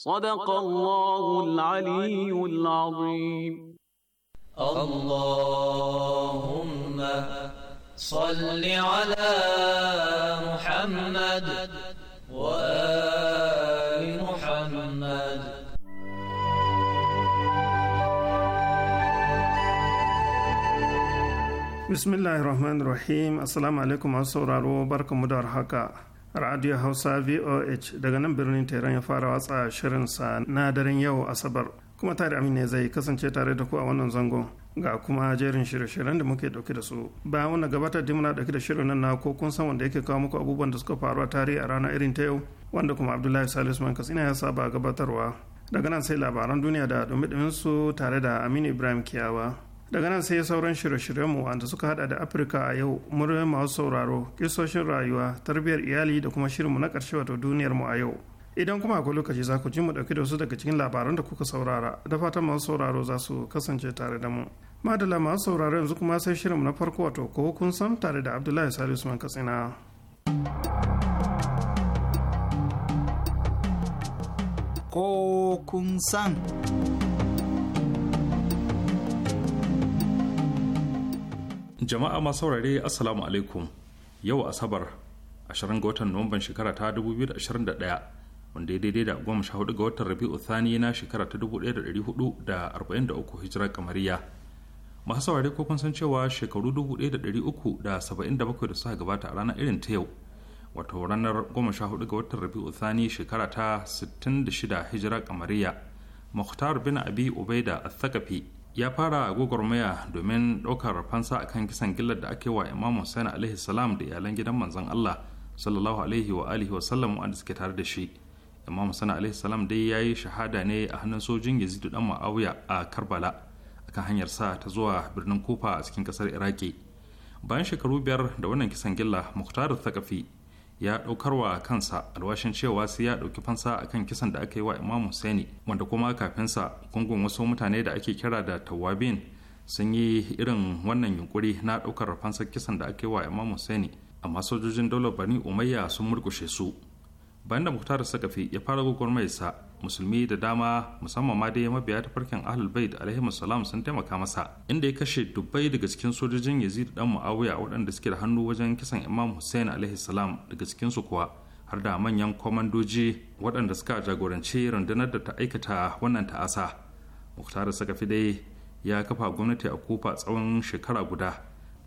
صدق الله العلي العظيم اللهم صل على محمد وآل محمد بسم الله الرحمن الرحيم السلام عليكم ورحمه الله وبركاته radio hausa voh daga nan birnin tehran ya fara watsa shirinsa na daren yau asabar kuma tare amin ne zai kasance tare da ku a wannan zangon ga kuma jerin shirye-shiryen da muke dauke da su Ba wani gabatar da muna dauke da shirin nan na ko kun san wanda yake kawo muku abubuwan da suka faru a tarihi a rana irin ta yau wanda kuma abdullahi salisu man ina ya saba gabatarwa daga nan sai labaran duniya da dumi su tare da aminu ibrahim kiyawa daga nan sai sauran shirye-shiryenmu wanda suka hada da afirka a yau muryoyin masu sauraro kisoshin rayuwa tarbiyyar iyali da kuma shirinmu na karshe wato duniyar mu a yau idan kuma akwai lokaci za ku ji mu ɗauki da wasu daga cikin labaran da kuka saurara da fatan masu sauraro za su kasance tare da mu madala masu sauraro yanzu kuma sai shirinmu na farko wato ko kun san tare da abdullahi salisu usman katsina ko kun san jama'a masu saurare assalamu alaikum yau asabar 20 ga watan nuwamban shekara ta 2021 wanda ya daidai da 14 ga watan rabi'u thani na shekara ta 1443 hijira kamariya masu saurare ko kun san cewa shekaru 1377 da suka gabata a ranar irin ta yau wato ranar 14 ga watan rabi'u thani shekara ta 66 hijira kamariya muhtar bin abi ubaida al-thaqafi ya fara gwagwarmaya domin ɗaukar fansa akan kisan gillar da aka yi wa imam Hussain alaihi salam da iyalan gidan manzon allah sallallahu alaihi wa alihi wa sallam wanda suke tare da shi imam Hussain alaihi salam dai ya yi shahada ne a hannun sojin yazidu dan ma'auya a karbala akan hanyar sa ta zuwa birnin kufa a cikin kasar iraki bayan shekaru biyar da wannan kisan gilla muktar thakafi ya ɗaukarwa kansa alwashin cewa sai ya ɗauki fansa akan kisan da aka yi wa imam husaini wanda kuma kafinsa gungun wasu mutane da ake kira da tawabin sun yi irin wannan yunkuri na ɗaukar fansar kisan da aka yi wa imam husaini amma sojojin daular bani umayya sun murkushe su bayan da muhtar sakafi ya fara sa musulmi da dama musamman ma dai mabiya ta farkin ahlul bait alaihi salam sun taimaka masa inda ya kashe dubbai daga cikin sojojin yazid dan muawiya waɗanda suke da hannu wajen kisan imam hussein alaihi salam daga cikin su kuwa har da manyan komandoji waɗanda suka jagoranci rundunar da ta aikata wannan ta'asa muktar sakafi dai ya kafa gwamnati a kufa tsawon shekara guda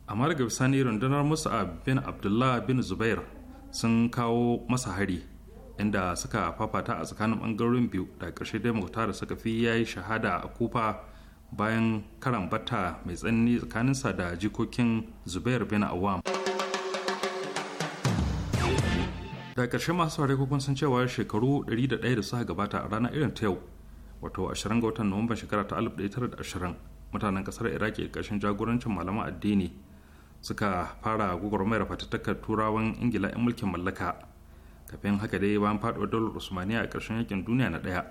amma daga bisani rundunar musa bin abdullah bin zubair sun kawo masa hari inda suka fafata a tsakanin bangarorin biyu da karshe dai da suka fi yayi shahada a kufa bayan karan bata mai tsanani tsakaninsa da jikokin zubair bin awam da ƙarshe masu saurari kukun sun cewa shekaru 101 da suka gabata a ranar irin ta yau wato 20 ga watan nuwamban shekara ta 1920 mutanen kasar iraki ƙarshen jagorancin malaman addini suka fara gwagwarmayar fatattakar turawan ingila 'yan mulkin mallaka kafin haka dai bayan faduwar daular usmaniya a ƙarshen yakin duniya na ɗaya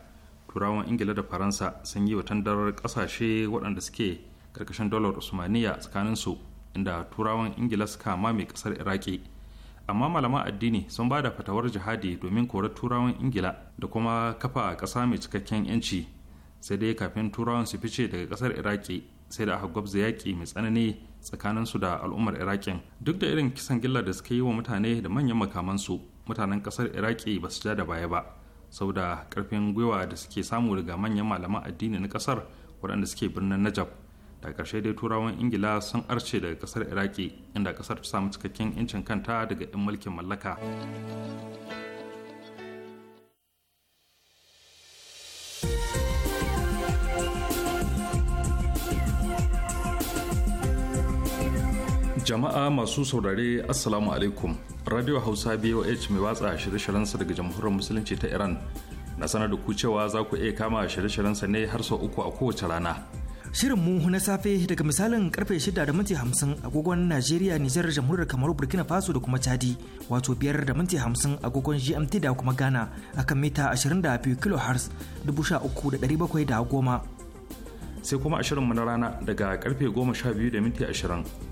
turawan ingila da faransa sun yi wa tandarar ƙasashe waɗanda suke ƙarƙashin daular usmaniya tsakaninsu inda turawan ingila suka mame ƙasar iraki amma malaman addini sun ba da fatawar jihadi domin korar turawan ingila da kuma kafa ƙasa mai cikakken yanci sai dai kafin turawan su fice daga ƙasar iraki sai da aka gwabza yaƙi mai tsanani tsakaninsu da al'ummar iraƙin duk da irin kisan gilla da suka yi wa mutane da manyan makamansu mutanen kasar iraki ba su ja da baya ba saboda karfin gwiwa da suke samu daga manyan malaman addini na kasar waɗanda suke birnin najab da ƙarshe dai turawan ingila sun arce daga kasar iraki inda kasar ta samu cikakken 'yancin kanta daga 'yan mulkin mallaka jama'a masu saurare assalamu alaikum radio hausa boh mai watsa shirye-shiryensa daga jamhuriyar musulunci ta iran na sanar da ku cewa za ku iya kama shirye sa ne har sau uku a kowace rana shirin mu na safe daga misalin karfe shida da minti 50 agogon najeriya nijar jamhuriyar kamaru burkina faso da kuma chadi wato biyar da minti 50 agogon gmt da kuma ghana akan mita 22 kilohertz 13710 sai kuma a mu na rana daga karfe goma sha biyu da minti 20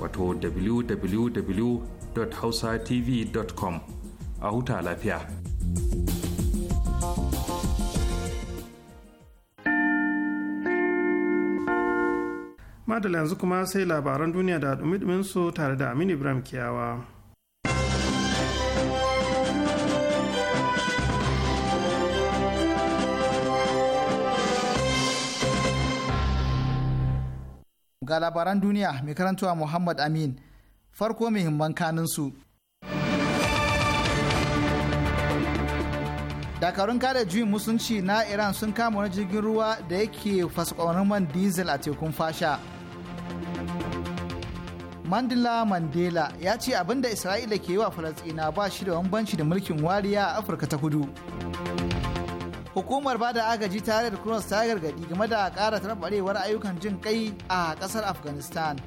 wato www.hausatv.com a huta lafiya. Madala yanzu kuma sai labaran duniya da dumi su tare da Aminu Ibrahim Kiyawa. Ga labaran duniya mai karantuwa Muhammad Amin. Farko muhimman kanin su. Dakarun kare juyin musunci na Iran sun kama wani jirgin ruwa da yake fasakonin man diesel a tekun fasha. Mandela Mandela ya ce abinda Isra'ila ke yi wa Falasɗina ba shi da bambanci da mulkin wariya a Afirka ta kudu. hukumar bada agaji tare da kuros ta gargadi game da ƙara tarbarewar ayyukan jin kai a ƙasar afghanistan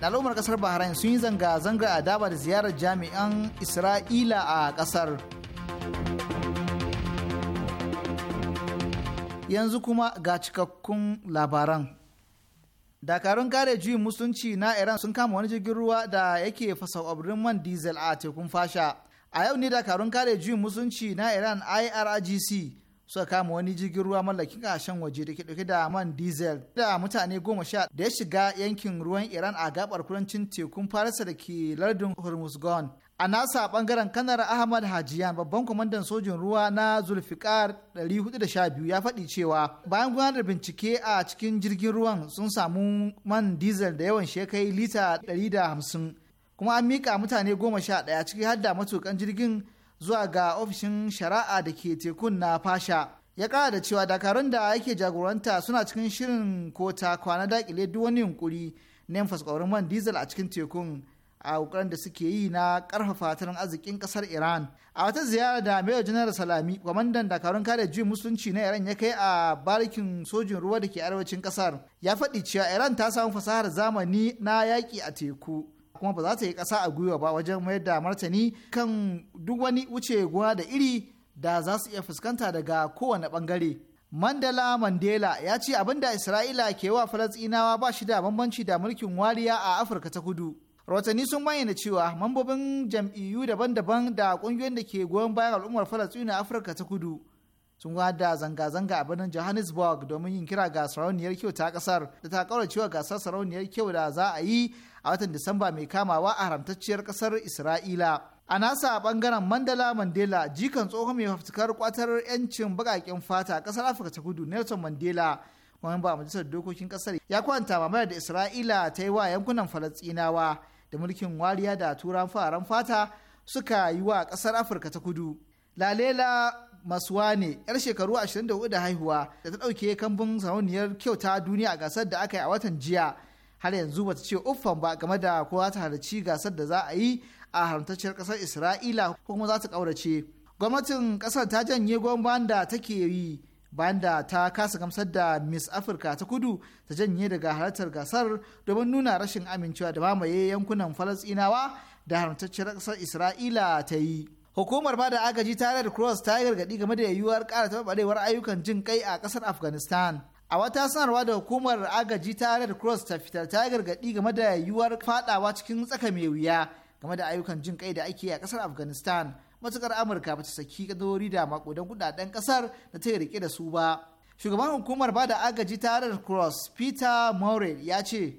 al'ummar ƙasar bahrain sun yi zanga-zanga a daba da ziyarar jami'an isra'ila a ƙasar yanzu kuma ga cikakkun labaran dakarun kare juyin musulunci na iran sun kama wani jirgin ruwa da yake fasa man diesel a tekun fasha a yau ne dakarun kare juyin musunci na iran irgc suka kama wani jirgin ruwa mallakin kashen waje da ke dauke da man diesel da mutane goma sha da ya shiga yankin ruwan iran a gabar kudancin tekun farisa da ke lardin hormuzgon a nasa bangaren kanar ahmad hajiyan babban kwamandan sojin ruwa na zulfikar 412 ya faɗi cewa bayan gudanar bincike a cikin jirgin ruwan sun samu man diesel da yawan shekai lita 150 kuma an mika mutane goma sha ɗaya ciki hadda matukan jirgin zuwa ga ofishin shari'a da ke tekun na fasha ya kara da cewa dakarun da yake jagoranta suna cikin shirin kota kwana dakile duk wani yunkuri na yin man diesel a cikin tekun a ƙoƙarin da suke yi na ƙarfafa tattalin arzikin kasar iran a wata ziyara da mayor janar salami kwamandan dakarun kare juyin musulunci na iran ya kai a barikin sojin ruwa da ke arewacin ƙasar ya faɗi cewa iran ta samu fasahar zamani na yaƙi a teku kuma ba za ta yi kasa a gwiwa ba wajen mayar da martani kan duk wani wuce guwa da iri da za su iya fuskanta daga kowane bangare. Mandela Mandela ya ce abin da Isra'ila ke wa Falasɗinawa ba shi da bambanci da mulkin wariya a Afirka ta Kudu. Rahotanni sun bayyana cewa mambobin jam'iyyu daban-daban da ƙungiyoyin da ke goyon bayan al'ummar Falasɗinu a Afirka ta Kudu sun da zanga-zanga a birnin Johannesburg domin yin kira ga sarauniyar kyau ta kasar da ta kaura cewa gasar sarauniyar kyau da za a yi a watan Disamba mai kamawa a haramtacciyar kasar Isra'ila. A nasa bangaren mandala Mandela jikan tsohon mai fafutukar kwatar 'yancin bakaken fata a kasar Afirka ta Kudu Nelson Mandela wani ba majalisar dokokin kasar ya kwanta mamayar da Isra'ila ta yi wa yankunan Falastinawa da mulkin wariya da turan fararen fata suka yi wa kasar Afirka ta Kudu. Lalela ne yar shekaru 24 da haihuwa da ta ɗauke kambun sarauniyar kyauta duniya a gasar da aka yi a watan jiya har yanzu bata ce uffan ba game da ko ta halarci gasar da za a yi a haramtacciyar kasar isra'ila ko kuma za ta ƙaurace gwamnatin kasar ta janye gwamnan da take yi bayan da ta kasa gamsar da miss afirka ta kudu ta janye daga halartar gasar domin nuna rashin amincewa da mamaye yankunan falasinawa da haramtacciyar kasar isra'ila ta yi hukumar bada agaji ta red cross ta yi gargadi game da yiwuwar kara taɓarewar ayyukan jin kai a kasar afghanistan a wata sanarwa da hukumar agaji ta red cross ta fitar ta gargaɗi game da yiwuwar fadawa cikin tsaka mai wuya game da ayyukan jin kai da ake a kasar afghanistan matukar amurka ba ta saki kadori da makudan kudaden kasar da ta rike da su ba shugaban hukumar ba da agaji ta red cross peter morel ya ce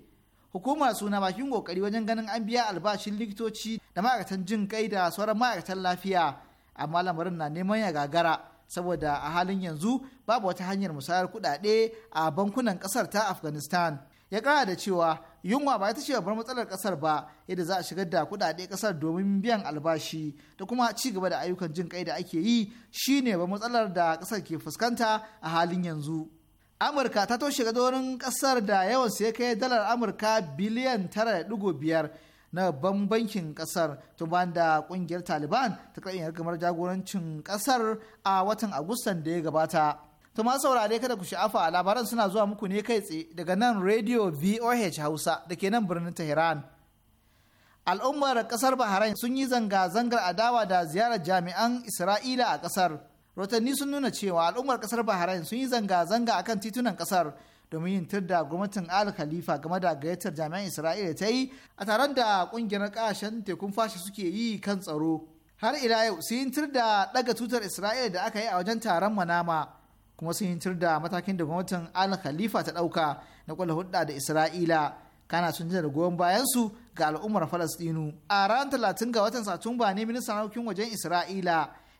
hukumar suna bakin kokari wajen ganin an biya albashin likitoci da ma'aikatan jin kai da sauran ma'aikatan lafiya amma lamarin na neman ya gagara saboda a halin yanzu babu wata hanyar musayar kuɗaɗe a bankunan ƙasar ta afghanistan ya kara da cewa yunwa ba ita ce babbar matsalar kasar ba yadda za a shigar da kuɗaɗe kasar domin biyan albashi da kuma ci gaba da ayyukan jin kai da ake yi shine ba matsalar da kasar ke fuskanta a halin yanzu amurka ta toshe gadorin kasar da yawan sai kai dalar amurka biliyan 9.5 na bambankin kasar to da kungiyar taliban ta karɓi kamar jagorancin kasar a watan agustan da ya gabata to ma saurare kada ku sha'afa labaran suna zuwa muku ne kai tsaye daga nan radio voh hausa da ke nan birnin tehran al'ummar kasar bahrain sun yi zanga-zangar adawa da ziyarar jami'an isra'ila a kasar rotanni sun nuna cewa al'ummar kasar bahrain sun yi zanga-zanga akan titunan kasar domin yin tur gwamnatin al khalifa game da gayyatar jami'an isra'ila ta yi a taron da kungiyar kasashen tekun fashi suke yi kan tsaro har ila yau sun yi da daga tutar isra'ila da aka yi a wajen taron manama kuma sun yi da matakin da gwamnatin al khalifa ta dauka na kula hudda da isra'ila kana sun da goyon bayan su ga al'ummar falastinu a ranar talatin ga watan satumba ne ministan harkokin wajen isra'ila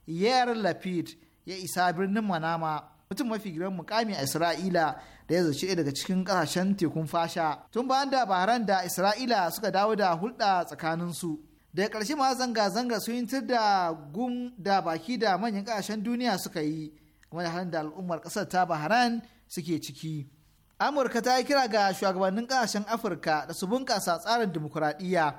yair lapid ya isa birnin manama mutum mafi girman mukami a isra'ila da ya zuci daga cikin ƙasashen tekun fasha tun bayan da Bahrain da Isra'ila suka dawo da hulɗa tsakanin tsakaninsu. Daga ƙarshe ma zanga-zanga sun yi da gum da baki da manyan ƙasashen duniya suka yi kuma da halin da al'ummar ƙasar ta baharan suke ciki. Amurka ta yi kira ga shugabannin ƙasashen Afirka da su bunƙasa tsarin dimokuraɗiyya.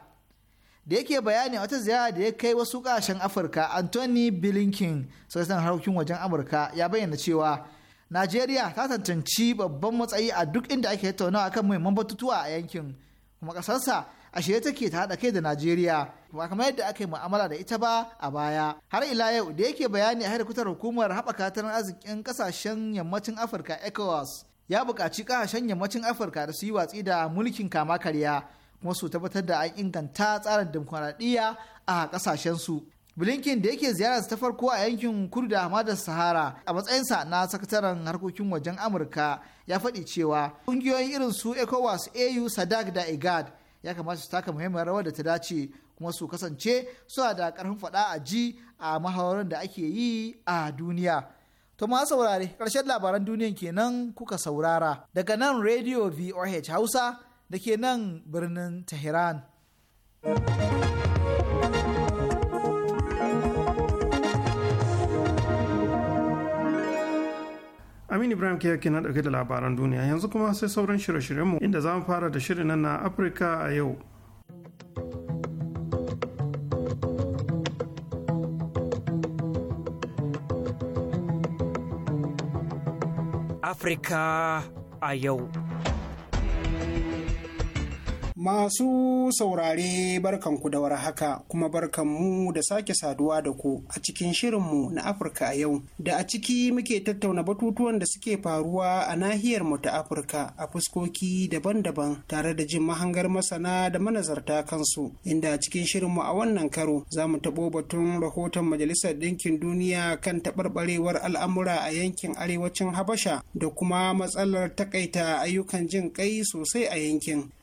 Da yake bayani wata ziyara da ya kai wasu ƙasashen Afirka, Anthony Blinken, sarkin harkokin wajen Amurka, ya bayyana cewa najeriya ta tantanci babban matsayi a duk inda ake tattaunawa kan muhimman batutuwa a yankin kuma ƙasarsa a shirye take ta haɗa kai da najeriya ba kamar yadda aka yi mu'amala da ita ba a baya har ila yau da yake bayani a harkutar hukumar haɓaka tattalin arzikin ƙasashen yammacin afirka ecowas ya buƙaci ƙasashen yammacin afirka da su yi watsi da mulkin kama karya kuma su tabbatar da an inganta tsarin dimokuraɗiyya a ƙasashensu blinken da yake ziyararsa ta farko a yankin kudu da hamadar sahara a matsayinsa na sakataren harkokin wajen amurka ya faɗi cewa ƙungiyoyin irin su ecowas au sadak da igad ya kamata su taka muhimmiyar rawar da ta dace kuma su kasance suna da ƙarfin faɗa a ji a mahawarin da ake yi a duniya to ma saurare ƙarshen labaran duniyan kenan kuka saurara daga nan radio voh hausa da ke nan birnin tehran thank you Amin Ibrahim ke yake na dauke da labaran duniya yanzu kuma sai sauran shirye-shiryenmu inda za mu fara da shirin nan na Afirka a yau. Afirka a yau. Masu saurare barkanku da warhaka kuma barkanmu da sake saduwa da ku a cikin shirinmu na Afirka a yau da a ciki muke tattauna batutuwan da suke faruwa a nahiyar mu ta Afirka a fuskoki daban-daban tare da jin mahangar masana da manazarta kansu inda a cikin shirinmu a wannan karo za mu taɓo batun rahoton Majalisar Ɗinkin Duniya kan taɓarɓarewar al'amura a yankin arewacin Habasha da kuma matsalar takaita ayyukan jin kai sosai a yankin.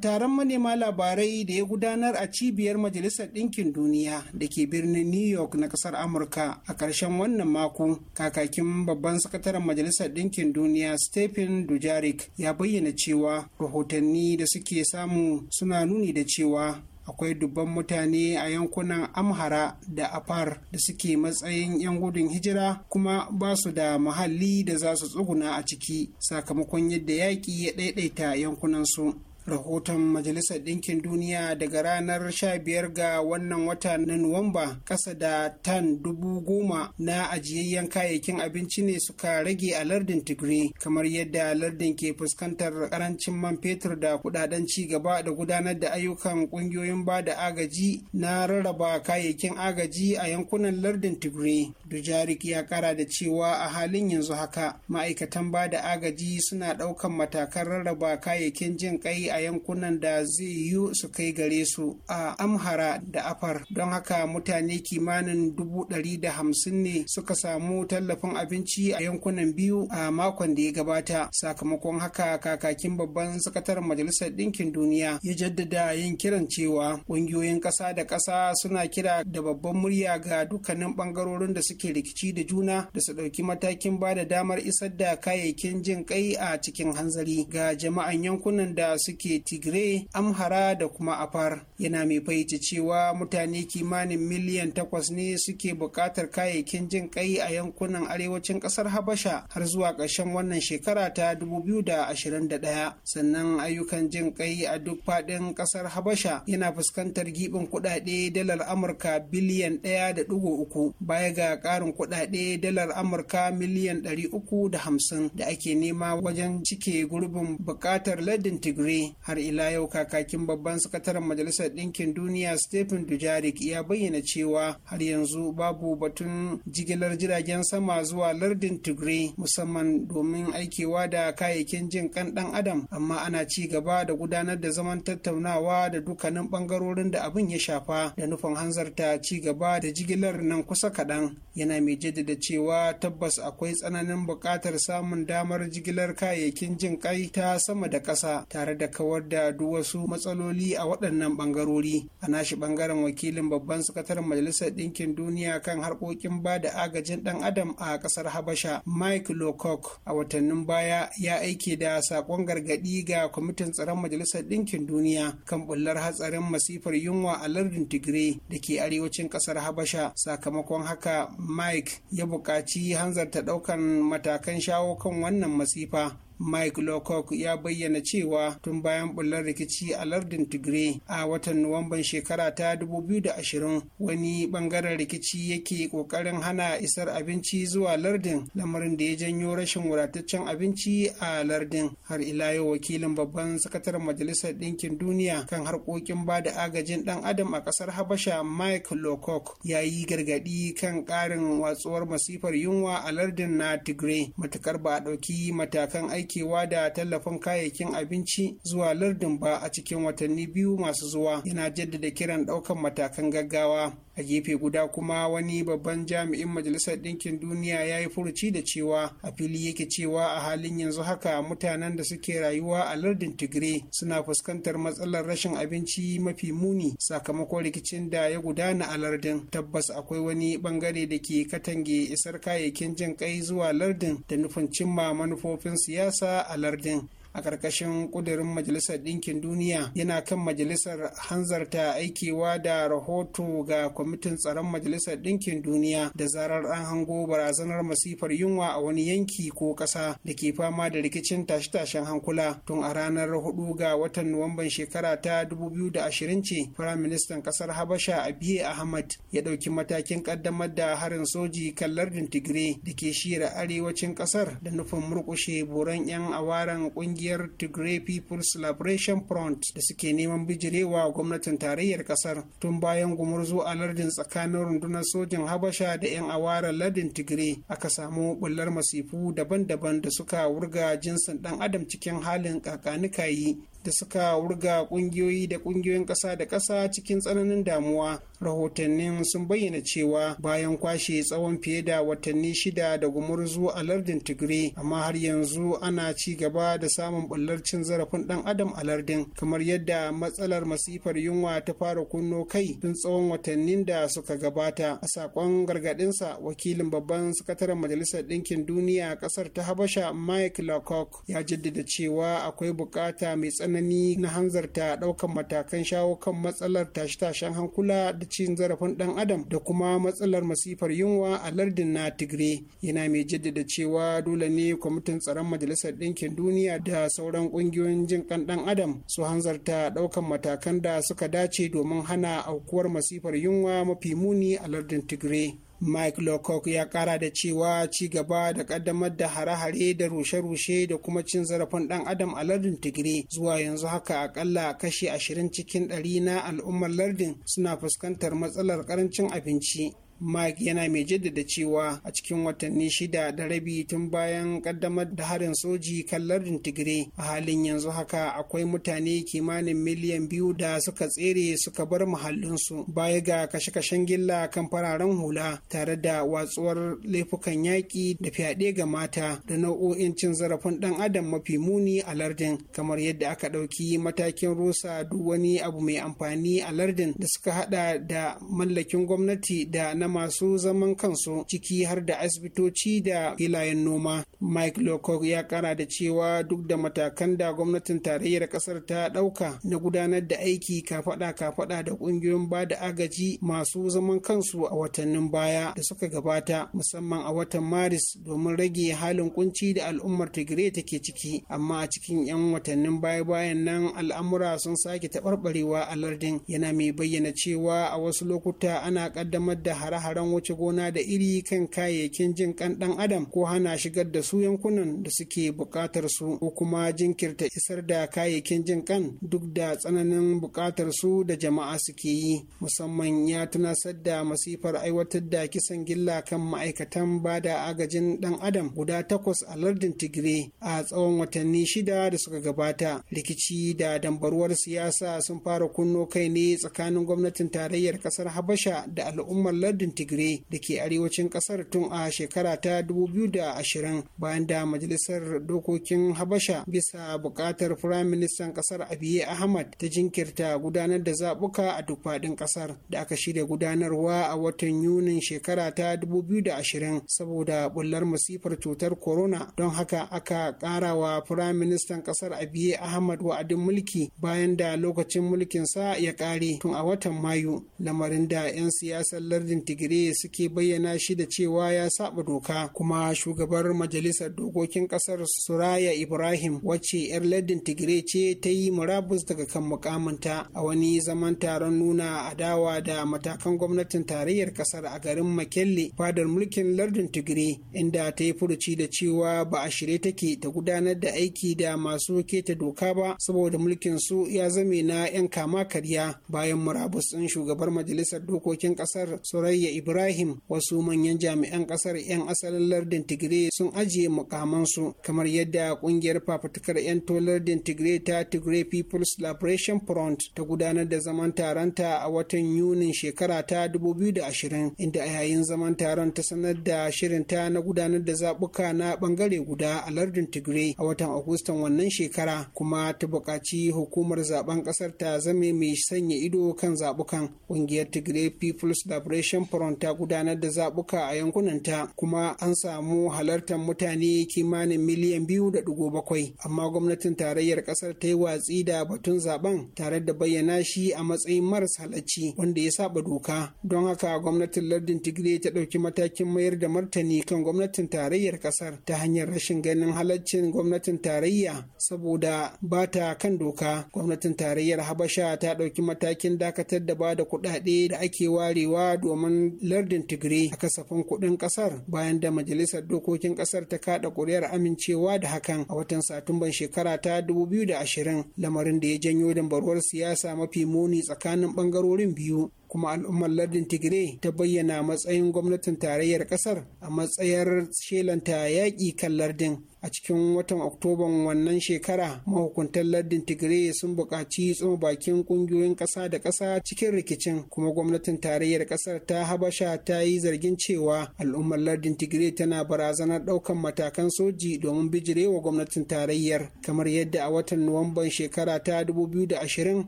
taron manema labarai da ya gudanar a cibiyar Majalisar Ɗinkin Duniya da ke birnin New York na ƙasar Amurka a ƙarshen wannan mako, kakakin babban sakataren Majalisar Ɗinkin Duniya Stephen Dujarik ya bayyana cewa rahotanni da suke samu suna nuni da cewa akwai dubban mutane a yankunan amhara da afar da suke matsayin 'yan gudun hijira kuma ba su da muhalli da za su tsuguna a ciki sakamakon yadda yaƙi ya ɗaiɗaita yankunansu rahoton majalisar ɗinkin duniya daga ranar 15 ga wannan wata na nuwamba ƙasa da tan dubu goma na ajiyayyen kayayyakin abinci ne suka rage a lardin tigray kamar yadda lardin ke fuskantar karancin man fetur da kudaden ci gaba da gudanar da ayyukan ƙungiyoyin ba da agaji na rarraba kayayyakin agaji a yankunan lardin tigray dujarik ya kara da cewa a halin yanzu haka ma'aikatan ba da agaji suna ɗaukan matakan rarraba kayayyakin jin kai a yankunan da zai yiwu su kai gare su a amhara da afar don haka mutane kimanin dubu ɗari da hamsin ne suka samu tallafin abinci a yankunan biyu a makon da ya gabata sakamakon haka kakakin babban sakataren majalisar ɗinkin duniya ya jaddada yin kiran cewa ƙungiyoyin ƙasa da ƙasa suna kira da babban murya ga dukkanin ɓangarorin da suke rikici da juna da su ɗauki matakin ba da damar isar da kayayyakin jin kai a cikin hanzari ga jama'an yankunan da suke ke tigray amhara da kuma afar yana mai fahimci cewa mutane kimanin miliyan takwas ne suke buƙatar kayayyakin jin kai a yankunan arewacin ƙasar habasha har zuwa ƙarshen wannan shekara ta 2021 sannan ayyukan jin kai a duk faɗin ƙasar habasha yana fuskantar giɓin kuɗaɗe dalar amurka biliyan ɗaya da uku, baya ga ƙarin kuɗaɗe dalar amurka miliyan ɗari uku da hamsin, da ake nema wajen cike gurbin buƙatar ladin tigray har ila yau kakakin babban sakataren majalisar ɗinkin duniya stephen dujarik ya bayyana cewa har yanzu babu batun jigilar jiragen sama zuwa lardin tigray musamman domin aikewa da kayayyakin jin kan ɗan adam amma ana ci gaba da gudanar da zaman tattaunawa da dukkanin ɓangarorin da abin ya shafa da nufin hanzarta ci gaba da jigilar nan kusa kaɗan yana mai jaddada cewa tabbas akwai tsananin buƙatar samun damar jigilar kayayyakin jin kai ta sama da ƙasa tare da kawar da duk wasu matsaloli a waɗannan ɓangarori a nashi ɓangaren wakilin babban sakataren majalisar ɗinkin duniya kan harkokin ba da agajin ɗan adam a ƙasar habasha mike lowcock a watannin baya ya aike da saƙon gargaɗi ga kwamitin tsaron majalisar ɗinkin duniya kan bullar hatsarin masifar yunwa a lardin tigray da ke arewacin ƙasar habasha sakamakon haka mike ya buƙaci hanzarta ɗaukan matakan shawo kan wannan masifa mike lowcock ya bayyana cewa tun bayan bullar rikici a lardin tigray a watan nuwamban shekara ta 2020 wani bangaren rikici yake kokarin hana isar abinci zuwa lardin lamarin da ya janyo rashin wadataccen abinci a lardin har ila yau wakilin babban sakataren majalisar ɗinkin duniya kan harkokin ba da agajin ɗan adam a ƙasar habasha mike lowcock ya yi gargaɗi kan ƙarin watsuwar masifar yunwa a lardin na tigray matukar ba a ɗauki matakan aiki aikewa da tallafin kayayyakin abinci zuwa lardin ba a cikin watanni biyu masu zuwa yana jaddada kiran ɗaukan matakan gaggawa a gefe guda kuma wani babban jami'in majalisar ɗinkin duniya ya yi furuci da cewa a fili yake cewa a halin yanzu haka mutanen da suke rayuwa a lardin tigray suna fuskantar matsalar rashin abinci mafi muni sakamakon rikicin da ya gudana a lardin tabbas akwai wani bangare da ke katange isar kayayyakin jin kai zuwa lardin da nufin cimma manufofin siyasa alarguen a ƙarƙashin ƙudurin majalisar ɗinkin duniya yana kan majalisar hanzarta aikewa da rahoto ga kwamitin tsaron majalisar ɗinkin duniya da zarar an hango barazanar masifar yunwa a wani yanki ko ƙasa da ke fama da rikicin tashe-tashen hankula tun a ranar hudu ga watan nuwamban shekara ta da ashirin ce firaministan ƙasar habasha abiy ahmad ya ɗauki matakin ƙaddamar da harin soji kan lardin tigray da ke shira arewacin ƙasar da nufin murƙushe boran 'yan awaran ƙungiyar kungiyar Tigray People's Liberation Front da suke neman bijirewa gwamnatin tarayyar kasar tun bayan gumurzu a lardin tsakanin rundunar sojin Habasha da 'yan awarar lardin Tigray aka samu bullar masifu daban-daban da suka wurga jinsin dan adam cikin halin kakanikayi da suka wurga kungiyoyi da kungiyoyin ƙasa da ƙasa cikin tsananin damuwa rahotannin sun bayyana cewa bayan kwashe tsawon fiye da watanni shida da gumurzu a lardin tigray amma har yanzu ana ci gaba da samun bullar zarafin dan adam a lardin kamar yadda matsalar masifar yunwa ta fara kunno kai tun tsawon watannin da suka gabata a sakon gargadinsa wakilin babban sakataren majalisar ɗinkin duniya ƙasar ta habasha mike lacock ya jaddada cewa akwai bukata mai tsanani tsanani na hanzarta ɗaukan matakan shawo kan matsalar tashe-tashen hankula da cin zarafin ɗan adam da kuma matsalar masifar yunwa a lardin na tigre yana mai jaddada cewa dole ne kwamitin tsaron majalisar ɗinkin duniya da sauran ƙungiyoyin jin kan ɗan adam su hanzarta ɗaukan matakan da suka dace domin hana aukuwar masifar yunwa mafi muni a lardin tigre Mike Lowcock ya kara da cewa ci gaba da kaddamar da hare-hare da rushe-rushe da kuma cin zarafin dan adam a lardin Tigray zuwa yanzu haka akalla kashi 20 cikin 100 na al'ummar lardin suna fuskantar matsalar karancin abinci. Mike yana mai jaddada cewa a cikin watanni shida da rabi tun bayan kaddamar da harin soji kan lardin Tigray a halin yanzu haka akwai mutane kimanin miliyan biyu da suka tsere suka bar muhallinsu baya ga kashe-kashen gilla kan fararen hula tare da watsuwar laifukan yaƙi da fyaɗe ga mata da nau'o'in cin zarafin ɗan adam mafi muni a lardin kamar yadda aka ɗauki matakin rusa duk wani abu mai amfani a lardin da suka haɗa da mallakin gwamnati da na masu zaman kansu ciki har da asibitoci da filayen noma mike lowcock ya kara da cewa duk da matakan da gwamnatin tarayyar kasar ta ɗauka na gudanar da aiki kafaɗa-kafaɗa da ƙungiyoyin ba da agaji masu zaman kansu a watannin baya da suka gabata musamman a watan maris domin rage halin kunci da al'ummar tigray take ciki amma a cikin 'yan watannin baya-bayan nan al'amura sun sake taɓarɓarewa a lardin yana mai bayyana cewa a wasu lokuta ana ƙaddamar da hara. haran wuce gona da iri kan kayayyakin jin kan ɗan adam ko hana shigar da su yankunan da suke buƙatar su ko kuma jinkirta isar da kayayyakin jin kan duk da tsananin bukatar su da jama'a suke yi musamman ya tunasar da masifar aiwatar da kisan gilla kan ma'aikatan bada agajin ɗan adam guda takwas a lardin tigre a tsawon watanni shida da suka gabata rikici da dambaruwar siyasa sun fara kunno kai ne tsakanin gwamnatin tarayyar ƙasar habasha da al'ummar lardin lardin tigray da ke arewacin kasar tun a shekara ta 2020 bayan da majalisar dokokin habasha bisa buƙatar firaministan kasar abiye ahmad ta jinkirta gudanar da zaɓuka a duk faɗin kasar da aka shirya gudanarwa a watan yunin shekara ta 2020 saboda bullar masifar cutar corona don haka aka ƙara wa firaministan kasar abiye ahmad wa'adin mulki bayan da lokacin mulkinsa ya ƙare tun a watan mayu lamarin da 'yan siyasar lardin tigray suke bayyana shi da cewa ya saba doka kuma shugabar majalisar dokokin kasar suraya ibrahim wacce 'yar lardin tigray ce ta yi murabus daga kan mukamanta a wani zaman taron nuna adawa da matakan gwamnatin tarayyar kasar a garin makelle fadar mulkin lardin tigray inda ta yi furuci da cewa ba a shirye take ta gudanar da aiki da masu keta doka ba saboda mulkin su ya zame na 'yan kama karya bayan murabus ɗin shugabar majalisar dokokin kasar suraya Rukayya Ibrahim wasu manyan jami'an kasar 'yan asalin lardin Tigray sun ajiye mukamansu kamar yadda kungiyar fafutukar 'yan to lardin Tigray ta Tigray People's Liberation Front ta gudanar da zaman taronta a watan Yunin shekara ta 2020 inda a yayin zaman taron ta sanar da shirinta na gudanar da zabuka na bangare guda a lardin Tigray a watan Agustan wannan shekara kuma ta buƙaci hukumar zaben kasar ta zame mai sanya ido kan zabukan kungiyar Tigray People's Liberation Cameroon ta gudanar da zabuka a yankunanta kuma an samu halartar mutane kimanin miliyan biyu da dugo bakwai amma gwamnatin tarayyar ƙasar ta yi watsi da batun zaben tare da bayyana shi a matsayin maras halacci wanda ya saba doka don haka gwamnatin lardin tigre ta ɗauki matakin mayar da martani kan gwamnatin tarayyar ƙasar ta hanyar rashin ganin halaccin gwamnatin tarayya saboda ba ta kan doka gwamnatin tarayyar Habasha ta ɗauki matakin dakatar da ba da kuɗaɗe da ake warewa domin lardin tigiri a kasafin kuɗin ƙasar bayan da majalisar dokokin ƙasar ta kaɗa ƙuri'ar amincewa da hakan a watan satumban shekara ta 2020 lamarin da ya janyo dambarwar siyasa mafi muni tsakanin ɓangarorin biyu kuma al'ummar lardin tigray ta bayyana matsayin gwamnatin tarayyar kasar a matsayar shelanta yaƙi kan lardin a cikin watan oktoban wannan shekara mahukuntar lardin tigray sun buƙaci tsoma bakin ƙungiyoyin ƙasa da ƙasa cikin rikicin kuma gwamnatin tarayyar ƙasar ta habasha ta yi zargin cewa al'ummar lardin tigray tana barazanar ɗaukan matakan soji domin bijirewa gwamnatin tarayyar kamar yadda a watan nuwamban shekara ta 2020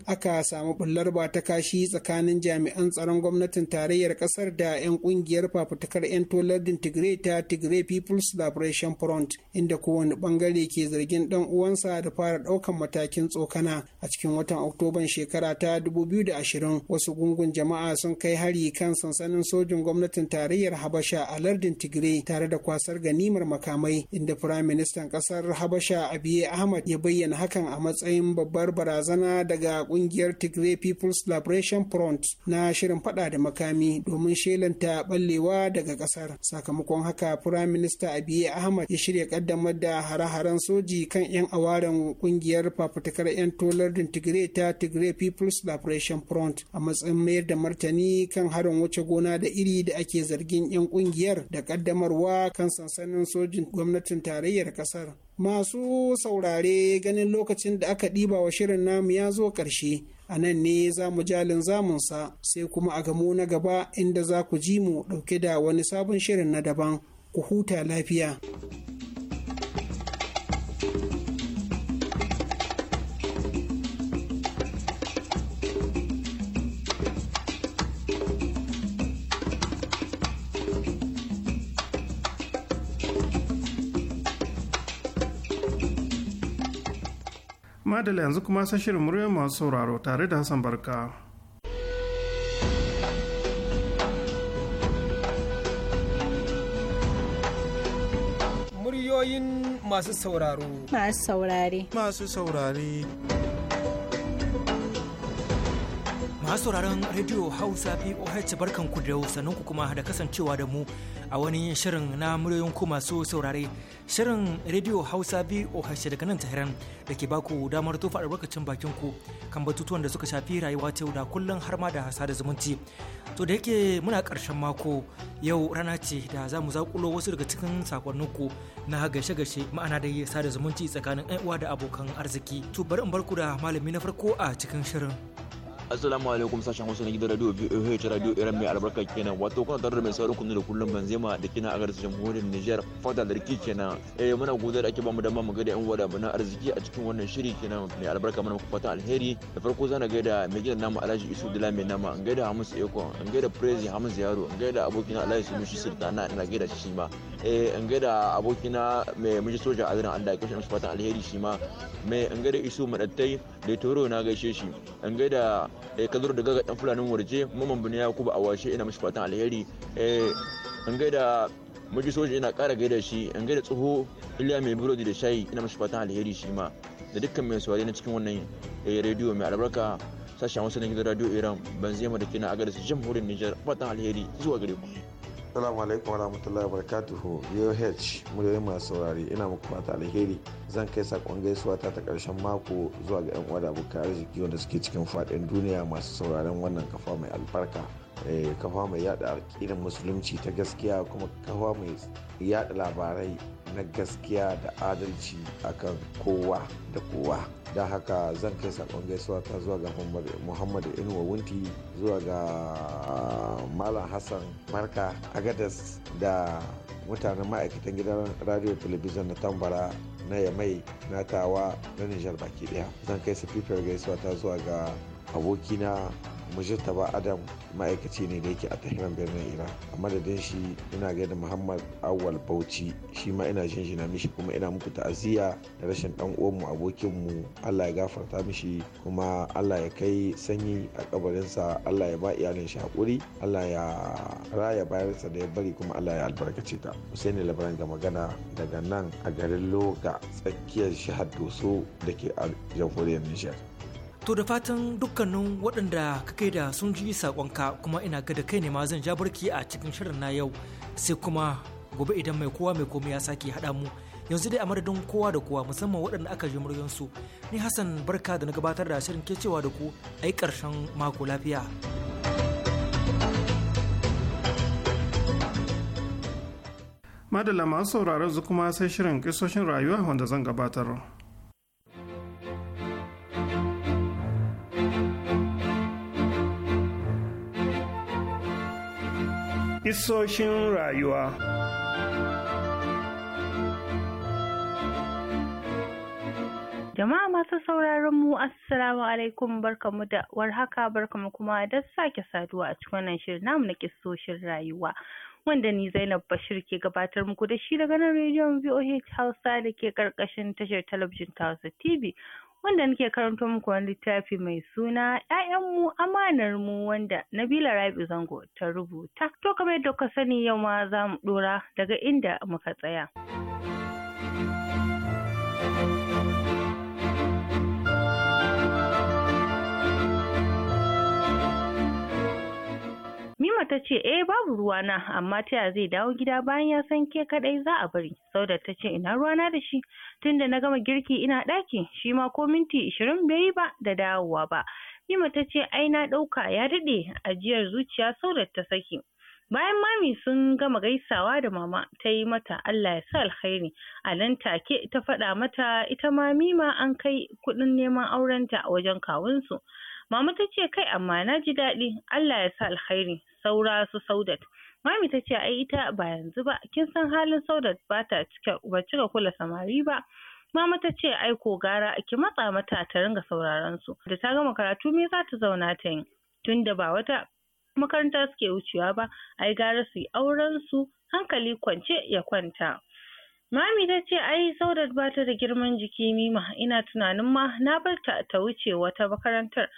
aka samu bullar ba ta kashi tsakanin jami'an jami'an tsaron gwamnatin tarayyar kasar da 'yan kungiyar fafutukar 'yan tolardin tigray ta tigray people's liberation front inda kowane bangare ke zargin dan uwansa da fara daukan matakin tsokana a cikin watan oktoban shekara ta 2020 wasu gungun jama'a sun kai hari kan sansanin sojin gwamnatin tarayyar habasha a lardin tigray tare da kwasar ganimar makamai inda firayim ministan kasar habasha abiy ahmad ya bayyana hakan a matsayin babbar barazana daga kungiyar tigray people's liberation front na na shirin fada da makami domin shelanta ballewa daga kasar sakamakon haka firayim minista abiy ahmad ya shirya kaddamar da hare-haren soji kan 'yan awaren kungiyar fafutukar 'yan din tigray ta tigray people's liberation front a matsayin mayar da martani kan harin wuce gona da iri da ake zargin 'yan kungiyar da kaddamarwa kan sansanin sojin gwamnatin tarayyar kasar masu saurare ganin lokacin da aka ɗiba wa shirin namu ya zo ƙarshe a nan ne za mu jalin zamunsa sai kuma a gamo na gaba inda za ku ji mu dauke da wani sabon shirin na daban ku huta lafiya. madala yanzu kuma san shirin muryar masu sauraro tare da hassan barka muryoyin masu sauraro masu saurare masu saurare masu sauraron rediyo hausa barkan barkanku da ku kuma da kasancewa da mu a wani shirin na muryoyin ku masu saurare shirin rediyo hausa voh daga nan tahiran da ke baku damar tofa albarkacin bakin ku kan batutuwan da suka shafi rayuwa ta da kullum har ma da hasa da zumunci to da yake muna karshen mako yau rana ce da za mu zakulo wasu daga cikin sakonnin ku na gashe gashe ma'ana da sada zumunci tsakanin uwa da abokan arziki to bari in barku da malami na farko a cikin shirin assalamu alaikum sashen hausa na gidan radio BOH radio iran mai albarka kenan wato kuna tare da mai saurin kunu da kullum ban benzema da kina a garsa jamhuriyar nijar fata da rikici kenan eh muna godiya da ake bamu dama mu ga da yan wada bana arziki a cikin wannan shiri kenan mai albarka mana muku fatan alheri da farko zan ga da mai gidan namu Alhaji Isu Dila mai nama an ga da Hamisu Eko an ga da Prezi hamus Yaro an ga da abokina Alhaji Sunushi Sultana ina ga da shi ma eh an ga da abokina mai miji soja Azrin Allah ya kashe fatan alheri shi ma mai an ga da Isu Madattai da Toro na gaishe shi an ga da eh ka zura daga dan fulanin warje mamman bin yakubu a washe ina mashi fatan alheri eh an gaida muji soji ina ƙara gaida shi an gaida tsoho iliya mai burodi da shayi ina mashi fatan alheri shi ma da dukkan mai saurari na cikin wannan eh, rediyo mai albarka sashen wasu na gidan radio iran ban zai da kina a garis jamhuriyar nijar fatan alheri zuwa gare ku salamu alaikum wa barakatuhu UH muryoyi masu saurari ina muku fata alheri. Zan kai sakon gaisuwa ta ta karshen mako zuwa ga yan uwa da arziki wanda suke cikin fadin duniya masu sauraron wannan kafa mai albarka. Eh, kafa mai yada alƙirin musulunci ta gaskiya kuma kafa mai yada labarai na gaskiya da adalci akan kowa da kowa don haka zan kai sakon gaisuwa ta zuwa ga muhammadu inuwa wunti zuwa ga ah, malam hassan marka agadas da mutanen ma'aikatan gidan radio talabijin na tambara na yamai na tawa na nijar baki daya zan kai su fifiyar gaisuwa ta zuwa ga abokina ba adam ma'aikaci ne da yake a tahiran birnin iran a madadin shi ina gaida muhammad awal bauchi shi ma ina jin shi na mishi kuma ina muku ta'aziyya da rashin dan uwanmu abokinmu allah ya gafarta mishi kuma allah ya kai sanyi a kabarinsa allah ya ba iyalin shi hakuri allah ya raya bayansa da ya bari kuma allah ya albarkace ta husaini labaran ga magana daga nan a garin loga tsakiyar shahar doso da ke a jamhuriyar nijar To da fatan dukkanin waɗanda kai da sun ji saƙonka kuma ina ga da kai ne ma zan ja barki a cikin shirin na yau sai kuma gobe idan mai kowa mai komai ya sake haɗa mu yanzu dai a madadin kowa da kowa musamman waɗanda aka ji muryansu ni Hassan barka da na gabatar da shirin ke cewa da ku a yi ƙarshen mako lafiya. Madalla masu sauraron su kuma sai shirin kisoshin rayuwa wanda zan gabatar. Kisoshin rayuwa Jama'a masu sauraron mu Assalamu alaikum barkamu da warhaka barkamu kuma da sake saduwa a cikin wannan shirin namu na kisoshin rayuwa wanda ni Zainab Bashir ke gabatar muku da shi daga nan rediyon VOH Hausa da ke karkashin tashar talabijin ta TV wanda nake karanto muku wani littafi mai suna mu amanar mu wanda Nabila Rabi Zango ta rubuta. To kamar yadda kuka sani yau ma za mu ɗora daga inda muka tsaya. Mima ta ce, "Eh babu ruwa na,' amma ta zai dawo gida bayan ya san ke kaɗai za a bari." saboda ta ce, "Ina ruwana da shi?" tun da na gama girki ina ɗaki shi ma ko minti ishirin bai yi ba da dawowa ba Hima ta ce ai na ɗauka ya daɗe ajiyar zuciya da ta saki bayan mami sun gama gaisawa da mama ta yi mata Allah ya sa alkhairi a nan take ta faɗa mata ita ma Mima an kai kuɗin neman aurenta wajen kawunsu mama ta ce kai amma na ji daɗi Allah ya sa alkhairi saura su Saudat Mami ta ce ai ita ba yanzu ba kin san halin Saudat ba ta cika ba cika kula samari ba. Mama ta ce ai ko gara ki matsa mata ta ringa sauraron su. Da ta gama karatu me za ta zauna ta yi tunda ba wata makaranta suke wucewa ba ai gara su yi auren su hankali kwance ya kwanta. Mami ta ce ai Saudat ba ta da girman jiki mima ina tunanin ma na bar ta ta wuce wata makarantar.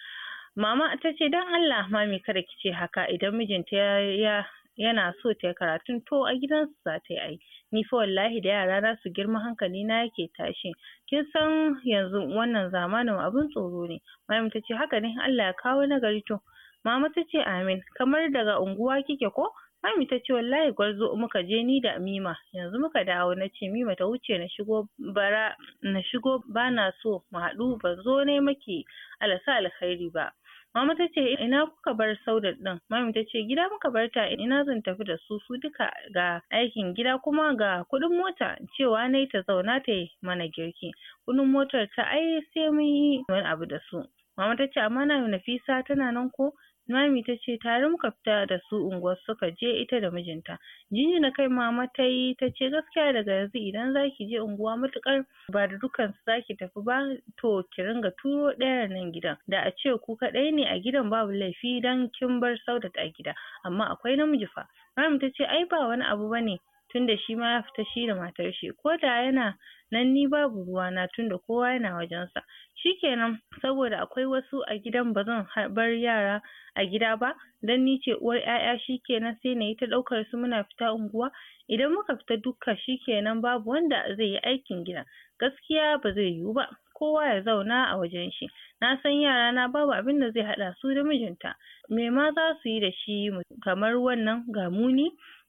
Mama ta ce don Allah mami kada ki ce haka idan mijinta ya yana so tayi karatun to a gidansu za tayi ai ni fa wallahi da yara na su girma hankali na yake tashi kin san yanzu wannan zamanin abin tsoro ne Maryam tace haka ne Allah ya kawo nagari to Mama tace amin kamar daga unguwa kike ko Mami ta ce wallahi gwarzo muka je ni da Mima yanzu muka dawo na ce Mima ta wuce na shigo bara na shigo bana so mu haɗu Ba zo ne maki alasa alkhairi ba Mama ta ce ina kuka bar Saudat ɗin. Mami ta ce gida muka bar ta ina zan tafi da su su duka ga aikin gida kuma ga kuɗin mota cewa nayi ta zauna ta mana girki. Kuɗin motar ta ai sai mun yi wani abu da su. Mama ta ce amma na Nafisa tana nan ko? Mami ta ce tare muka fita da su unguwar suka je ita da mijinta. na kai mama ta yi ta ce gaskiya daga yanzu idan za ki je unguwa matukar ba da dukan su za ki tafi ba to ki ringa turo a nan gidan. Da a ce ku kaɗai ne a gidan babu laifi dan kin bar Saudat a gida amma akwai namiji fa. Mami ta ce ai ba wani abu ba bane tunda shi ma ya fita shi da matar shi ko da yana nan ni babu ruwana tunda kowa yana wajensa. shikenan saboda akwai wasu a gidan ba zan bar yara a gida ba dan ni ce uwar ƴaƴa shikenan sai nayi ta ɗaukar su muna fita unguwa idan muka fita dukka shikenan babu wanda zai yi aikin gida gaskiya ba zai yiwu ba kowa ya zauna a wajen shi na san yara na babu abin da zai haɗa su da mijinta me ma za su yi da shi kamar wannan ga mu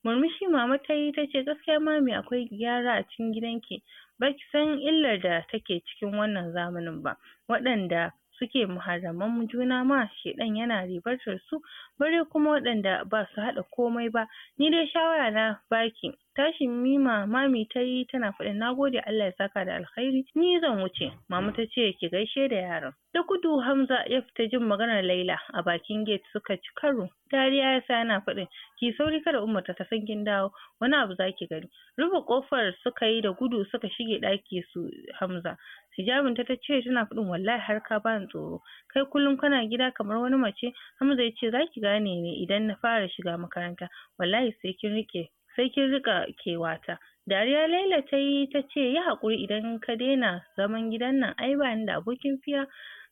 Murmushi mama ta yi ta ce gaskiya mami akwai gyara a cikin gidanki. Ba ki san illar da take cikin wannan zamanin ba. Waɗanda suke muharraman juna ma shedan yana ribartar su bare kuma waɗanda ba su haɗa komai ba ni dai shawara na baki tashin mima mami ta yi tana faɗin gode Allah ya saka da alkhairi ni zan wuce mama ta ce ki gaishe da yaron da gudu Hamza ya fita jin maganar Laila a bakin gate suka ci karo dariya ya sa yana faɗin ki sauri kada Umar ta san kin dawo wani abu zaki gani rufe kofar suka yi da gudu suka shige ɗaki su Hamza hijabin ta tace tana faɗin wallahi har ka bani tsoro kai kullum kana gida kamar wani mace Hamza ya ce zaki gane ne idan na fara shiga makaranta wallahi sai kin rike sai kin riƙa kewata dariya Laila ta yi ta ce yi haƙuri idan ka daina zaman gidan nan ai ba ni da abokin fiya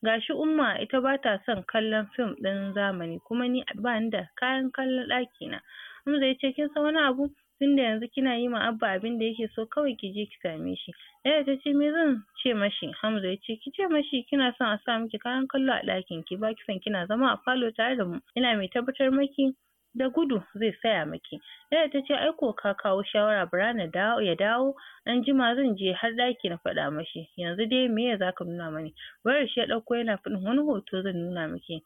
gashi Umma ita ba ta son kallon fim ɗin zamani kuma ni ba ni da kayan kallon ɗakina Hamza ya ce kin san wani abu tunda yanzu kina yi ma Abba abin da yake so kawai ki je ki same shi. Laila ta ce me zan ce mashi? Hamza ya ce ki ce mashi kina son a sa miki kayan kallo a ɗakin ki ba ki son kina zama a falo tare da mu. Ina mai tabbatar maki da gudu zai saya maki. Laila ta ce ai ka kawo shawara bara na dawo ya dawo an jima zan je har ɗaki na faɗa mashi yanzu dai me ya zaka nuna mani? Wayar shi ya ɗauko yana faɗin wani hoto zan nuna miki.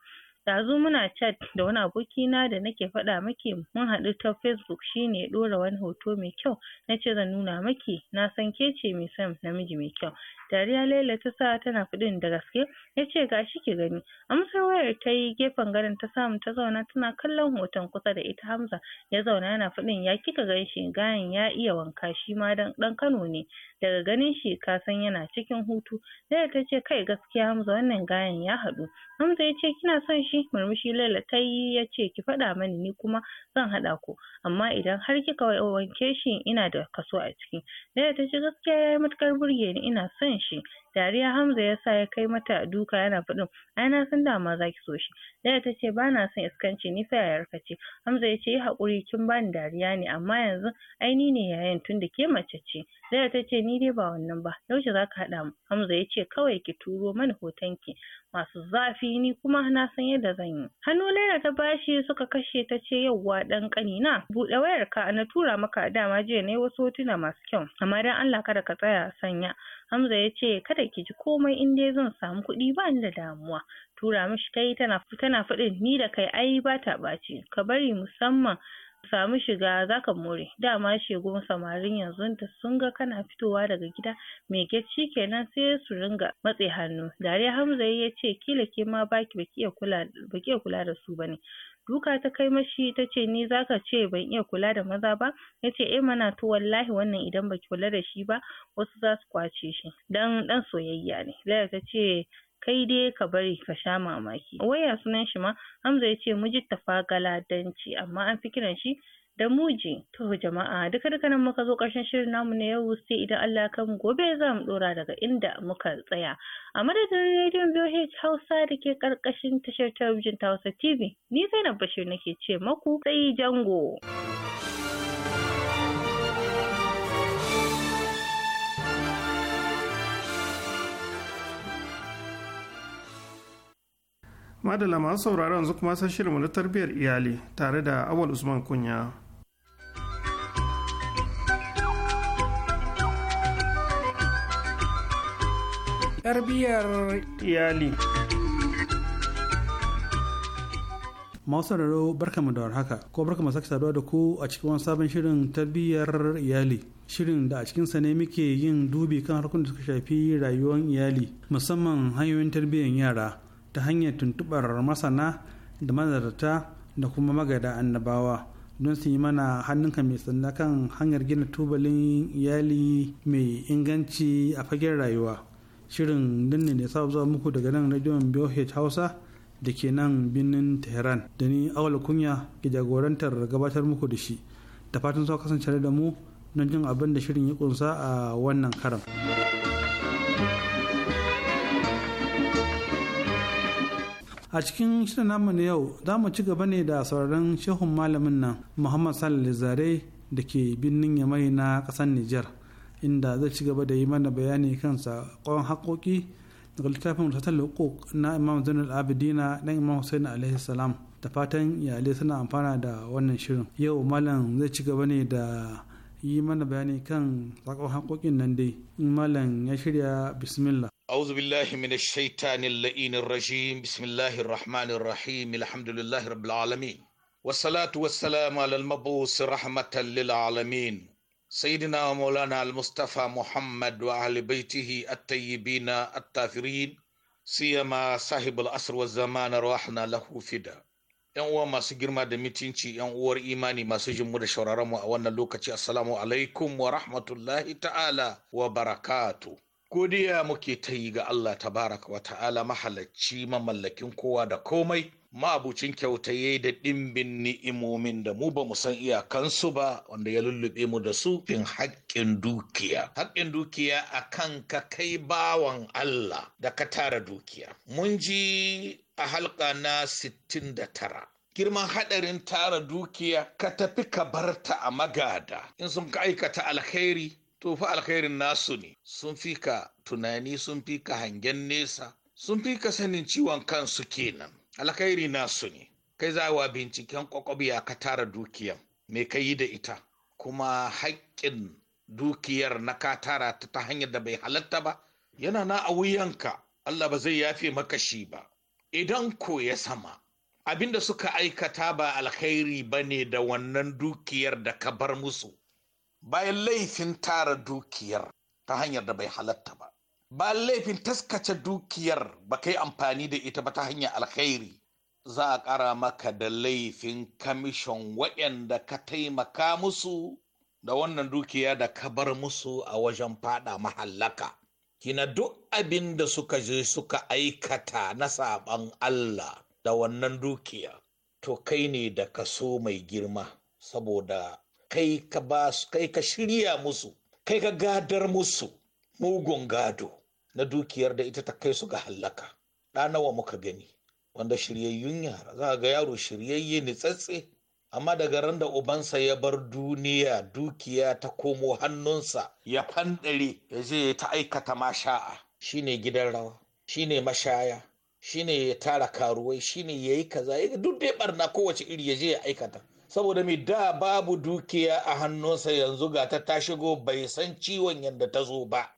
yanzu muna chat da wani abokina da nake faɗa maki mun haɗu ta facebook shine ya ɗora wani hoto mai kyau na ce zan nuna maki na san ke ce mai son namiji mai kyau dariya Laila ta sa tana faɗin da gaske ya yace gashi ki gani amsar wayar ta yi gefen gadon ta samu ta zauna tana kallon hoton kusa da ita Hamza ya zauna yana faɗin ya kika shi gayan ya iya wanka shi ma dan ɗan Kano ne daga ganin shi ka san yana cikin hutu Laila ce kai gaskiya Hamza wannan gayan ya haɗu Hamza ya ce kina son shi murmushi murmushi Laila ta yi ya ce ki faɗa mani ni kuma zan haɗa ku amma idan har kika wanke shi ina da kaso a ciki Laila ta ce gaskiya ya yi matuƙar burge ni ina son shi Dariya Hamza ya sa ya kai mata duka yana faɗin ai na san dama za ki so shi. Laya ta ce ba na son iskanci ni fa yayarka ce. Hamza ya ce yi haƙuri kin ba ni dariya ne amma yanzu ai ni ne tun da ke mace ce. Laya ta ce ni dai ba wannan ba yaushe za ka haɗa mu. Hamza ya ce kawai ki turo mani hoton ki masu zafi ni kuma na san yadda zan yi. Hannu Laila ta bashi suka kashe ta ce yauwa ɗan ƙanina buɗe wayarka na tura maka dama jiya na wasu hotuna masu kyau amma dan Allah kada ka tsaya sanya Hamza ya ce kada ki ji komai in dai zan samu kuɗi ba ni da damuwa. Tura mishi kai tana tana faɗin ni da kai ai ba ta ɓaci ka bari musamman samu shiga zaka more dama shego samarin yanzu da sun ga kana fitowa daga gida mai gacci kenan sai su ringa matse hannu dariya hamza ya ce kila ke ma baki baki iya kula kula da su bane duka ta kai mashi ta ce ni zaka ce ban iya kula da maza ba ya ce eh mana to wallahi wannan idan baki kula da shi ba wasu za su kwace shi dan ɗan soyayya ne Laila ta ce kai dai ka bari ka sha mamaki waya sunan shi ma Hamza ya ce Mujittafa Galadanci amma an fi kiran shi da muji to jama'a duka duka nan muka zo ƙarshen shirin namu na yau sai idan Allah ya kamu gobe za mu dora daga inda muka tsaya a madadin rediyon BOH Hausa da ke karkashin tashar talabijin ta Hausa TV ni Zainab Bashir nake ce maku sai jango. Madalla masu sauraron yanzu kuma sai na tarbiyyar iyali tare da Awal Usman Kunya. tarbiyyar iyali masu mu da haka ko mu sake saduwa da ku a cikin wani sabon shirin tarbiyyar iyali shirin da a cikinsa ne muke yin dubi kan harkun da suka shafi rayuwar iyali musamman hanyoyin tarbiyyar yara ta hanyar tuntubar masana da manzarta da kuma magada annabawa don su yi mana hannunka mai sanda kan hanyar gina tubalin iyali mai inganci a fagen rayuwa shirin nan ne sabu zuwa muku daga nan radiyon BOH Hausa da ke nan birnin Tehran da ni awala kunya ke jagorantar gabatar muku da shi da fatan sau kasance da mu don jin abin da shirin ya kunsa a wannan karan. a cikin shirin namu na yau za mu ci gaba ne da sauraron shehun malamin nan muhammad sallallahu zare da ke birnin yamai na ƙasar nijar inda zai ci gaba da yi mana bayani kan sakon haƙoƙi daga littafin rasatar hukuk na imam zainul abidina na imam hussein alaihi salam da fatan iyalai suna amfana da wannan shirin yau malam zai ci gaba ne da yi mana bayani kan sakon haƙoƙin nan dai in malam ya shirya bismillah أعوذ بالله من الشيطان اللئين الرجيم بسم الله الرحمن الرحيم الحمد لله رب العالمين والصلاة والسلام على المبعوث رحمة للعالمين سيدنا مولانا المصطفى محمد وعلى بيته الطيبين الطاهرين سيما صاحب الأسر والزمان روحنا له فدا ‘Yan uwa masu girma da mitinci, ‘yan uwar imani masu jinmu da shauraronmu a wannan lokaci, Assalamu alaikum wa rahmatullahi ta'ala wa barakatu. Godiya muke ta ga Allah tabaraka wa ta'ala mahalacci mamallakin kowa da komai, ma'abucin kyautaye da ɗimbin ni'imomin da mu ba mu san iyakansu ba wanda ya lullube mu da su fin haƙƙin dukiya haƙƙin dukiya a kan ka kai bawan Allah da ka tara dukiya mun ji a halka na 69 girman haɗarin tara dukiya ka tafi ka barta a magada in sun ka aikata alkhairi to fa alkhairin nasu ne sun fi ka tunani sun fi ka hangen nesa sun fi ka sanin ciwon kansu kenan alkhairi nasu ne kai za wa binciken kwakwabiya ka tara dukiya me ka yi da ita kuma haƙƙin dukiyar na ka tara ta ta hanyar da bai halatta ba yana na a wuyanka Allah ba zai yafe maka shi ba idan ko ya sama abin da suka aikata ba alkhairi ba ne da wannan dukiyar da ka bar musu bayan laifin tara dukiyar ta hanyar da bai halatta ba ba laifin taskace dukiyar ba kai amfani da ita ba ta hanyar alkhairi za a ƙara maka da laifin kamishon waɗanda ka taimaka musu da wannan dukiya da ka bar musu a wajen fada mahallaka kina duk abin da suka je suka aikata na saɓan Allah da wannan dukiya to kai ne da ka so mai girma saboda kai ka shirya musu kai ka gadar musu mugun gado na dukiyar da ita ta kai su ga hallaka ɗa nawa muka gani wanda shiryayyun yara za ga yaro shiryayye ni tsatse amma daga ran da ubansa ya bar duniya dukiya ta komo hannunsa ya fanɗare ya je ta aikata masha'a shine gidan rawa shine mashaya shine ya tara karuwai shine ya yi kaza duk dai barna kowace iri ya je ya aikata saboda mai da babu dukiya a hannunsa yanzu ga ta shigo bai san ciwon yadda ta zo ba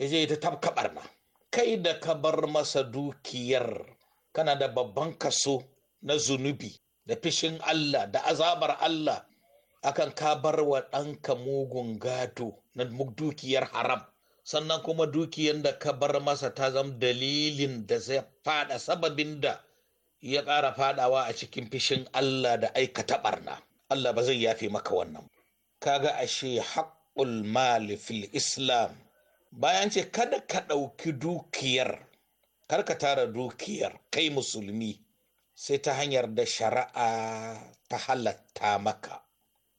ya je ta tafka barna kai da ka bar masa dukiyar kana da babban kaso na zunubi da fishin Allah da azabar Allah akan ka bar wa ɗanka mugun gado na dukiyar haram sannan kuma dukiyar da ka bar masa ta zama dalilin da zai fada sababin da ya ƙara fadawa a cikin fishin Allah da aikata barna Allah ba zai yafe maka wannan kaga ashe haƙƙul mali fil islam bayan ce kada ka ɗauki dukiyar kar ka tara dukiyar kai musulmi sai ta hanyar da shari'a ta halatta maka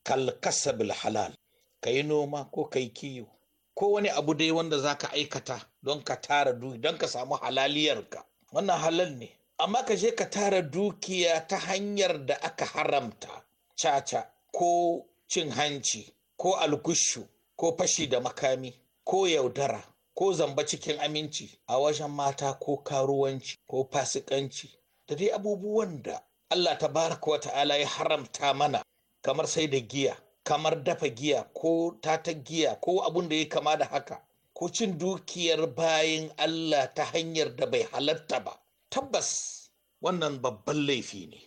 kalkasabil halal ka yi noma ko ka yi kiyo ko wani abu dai wanda za ka aikata don ka tara don ka samu halaliyarka wannan halal ne amma ka je ka tara dukiya ta hanyar da aka haramta caca ko cin hanci ko alkushu ko fashi da makami ko yaudara ko zamba cikin aminci a wajen mata ko karuwanci ko fasikanci da dai abubuwan da Allah ta baraka wa ta'ala ya haramta mana kamar sai da giya kamar dafa giya ko tata giya ko abun da ya kama da haka ko cin dukiyar bayan Allah ta hanyar da bai halatta ba tabbas wannan babban laifi ne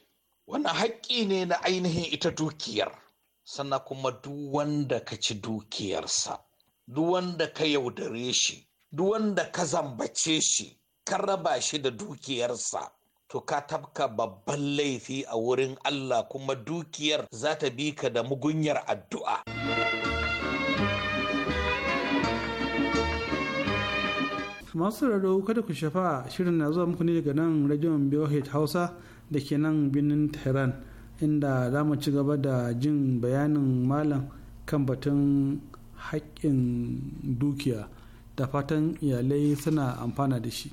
wannan haƙƙi ne na ainihin ita dukiyar sannan kuma duk wanda ka ci dukiyarsa duk wanda ka yaudare shi duk wanda ka zambace shi ka raba shi da dukiyarsa to ka tabka babban laifi a wurin Allah kuma dukiyar za ta bi ka da mugunyar addu'a. masu raro kada ku shafa shirin na zuwa muku ne daga nan rajon BOH Hausa da ke nan birnin Tehran inda za mu ci gaba da jin bayanin malam kan batun haƙƙin dukiya da fatan iyalai suna amfana da shi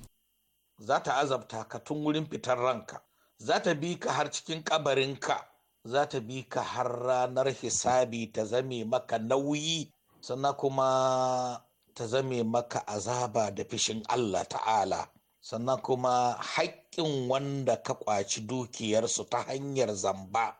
za ta azabta ka tun wurin fitar ranka za ta bi ka har cikin kabarinka za ta bi ka har ranar hisabi ta zame maka nauyi sannan kuma ta zame maka azaba da fishin Allah ta'ala sannan kuma haƙƙin wanda ka ƙwaci dukiyarsu ta hanyar zamba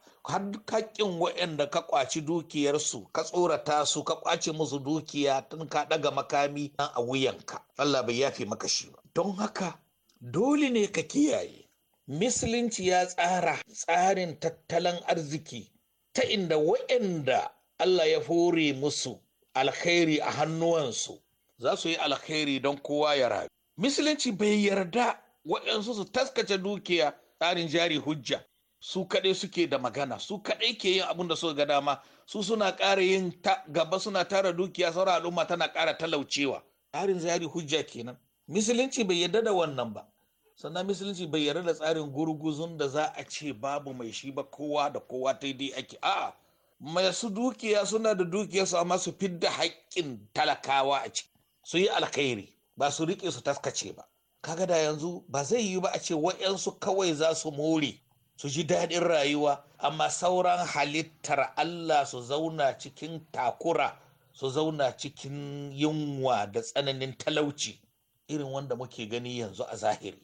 hakkin waɗanda ka kwaci dukiyarsu ka tsorata su ka kwace musu dukiya tun ka ɗaga makami a wuyanka Allah bai yafe maka shi ba don haka dole ne ka kiyaye musulunci ya tsara tsarin tattalin arziki ta inda waɗanda Allah ya fore musu alkhairi a hannuwansu za su yi alkhairi don kowa ya rayu musulunci bai yarda waɗansu su taskace dukiya tsarin jari hujja su kaɗai suke da magana su kaɗai ke yin abin da suka ga dama su suna ƙara yin gaba suna tara dukiya sauran al'umma tana ƙara talaucewa tsarin zari hujja kenan musulunci bai yarda da wannan ba sannan musulunci bai yarda da tsarin gurguzun da za a ce babu mai shi ba kowa da kowa ta dai ake a'a masu dukiya suna da dukiya su amma su fidda haƙƙin talakawa a ciki su yi alkhairi ba su riƙe su taskace ba kaga da yanzu ba zai yi ba a ce wa'yansu kawai za su more su ji daɗin rayuwa amma sauran halittar Allah su zauna cikin takura su zauna cikin yunwa da tsananin talauci irin wanda muke gani yanzu a zahiri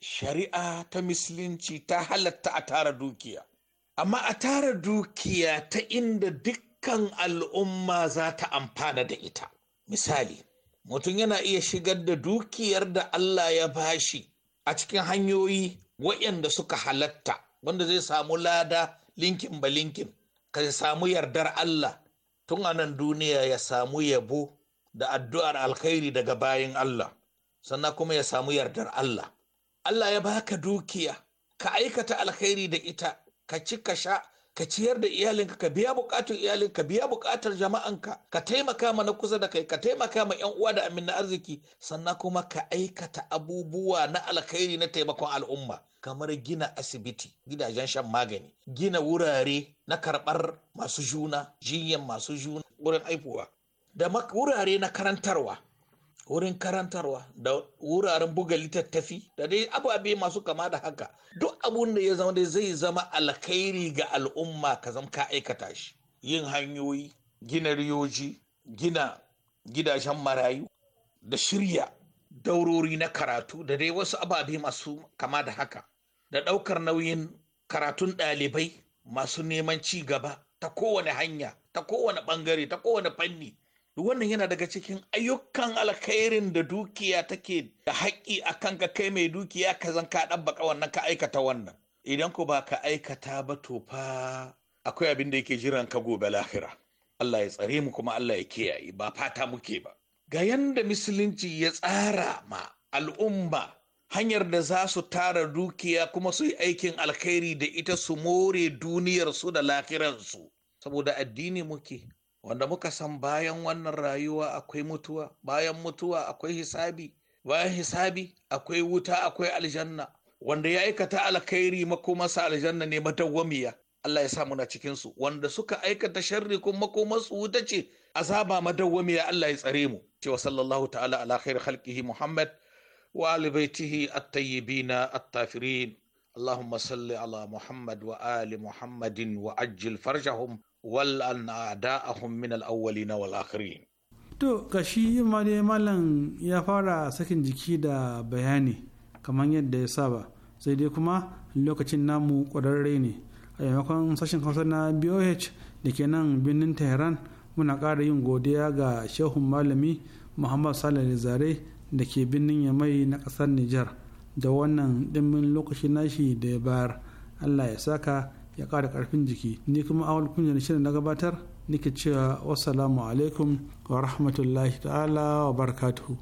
shari'a ta musulunci ta halatta a tara dukiya amma a tara dukiya ta inda dukkan al'umma za ta amfana da ita misali mutum yana iya shigar da dukiyar da Allah ya bashi a cikin hanyoyi waɗanda suka halatta wanda zai samu lada linkin ba linkin ka samu yardar Allah tun anan duniya ya samu yabo da addu'ar alkhairi daga bayan Allah sannan kuma ya samu yardar Allah Allah ya baka dukiya ka aikata alkhairi da ita ka ci ka sha ka ciyar da iyalinka ka biya bukatun iyalinka ka biya bukatar jama'anka ka taimaka ma na kusa da kai ka taimaka ma yan uwa da amin na arziki sannan kuma ka aikata abubuwa na alkhairi na taimakon al'umma kamar gina asibiti gidajen shan magani gina wurare na karɓar masu juna jinyan masu juna wurin aifuwa da wurare na karantarwa wurin karantarwa da wuraren buga littattafi da dai ababe masu kama da haka duk abun da ya zama dai zai zama alkhairi ga al'umma ka zama ka aikata shi yin hanyoyi gina riyoji gina gidajen marayu da shirya daurori na karatu da dai wasu ababe masu kama da haka da ɗaukar nauyin karatun ɗalibai masu neman ci gaba ta kowane hanya ta kowane ɓangare ta kowane fanni wannan yana daga cikin ayyukan alkhairin da dukiya take da haƙƙi a kan ka kai mai dukiya ka zan ka ɗabbaka wannan ka aikata wannan idan ku ba ka aikata ba to fa akwai abin da yake jiran ka gobe lahira Allah ya tsare mu kuma Allah ya kiyaye ba fata muke ba ga yanda musulunci ya tsara ma al'umma hanyar da za su tara dukiya kuma su yi aikin alkhairi da ita su more duniyarsu da lahirarsu saboda addini muke wanda muka san bayan wannan rayuwa akwai mutuwa bayan mutuwa akwai hisabi bayan hisabi akwai wuta akwai aljanna wanda ya aikata alkhairi makomarsa aljanna ne madawwamiya Allah ya sa muna cikin su wanda suka aikata sharri kuma makomarsu wuta ce azaba madawwamiya Allah ya tsare mu cewa sallallahu ta'ala ala khair khalqihi Muhammad wa ali baitihi at-tayyibin at-tafirin اللهم صل على محمد وآل محمد وعجل فرجهم wal an min al na wal to ka ma yi malam ya fara sakin jiki da bayani kamar yadda ya saba sai dai kuma lokacin namu ƙwararre ne a yamakon sashen hausa na boh da ke nan birnin tehran muna ƙara yin godiya ga shehun malami muhammad salih zare da ke birnin yamai na ƙasar nijar da wannan dimbin lokacin nashi da ya bayar allah ya saka ya kara karfin jiki ni kuma awal kunya na shirin na gabatar nake cewa wassalamu alaikum wa rahmatullahi ta'ala wa barakatuhu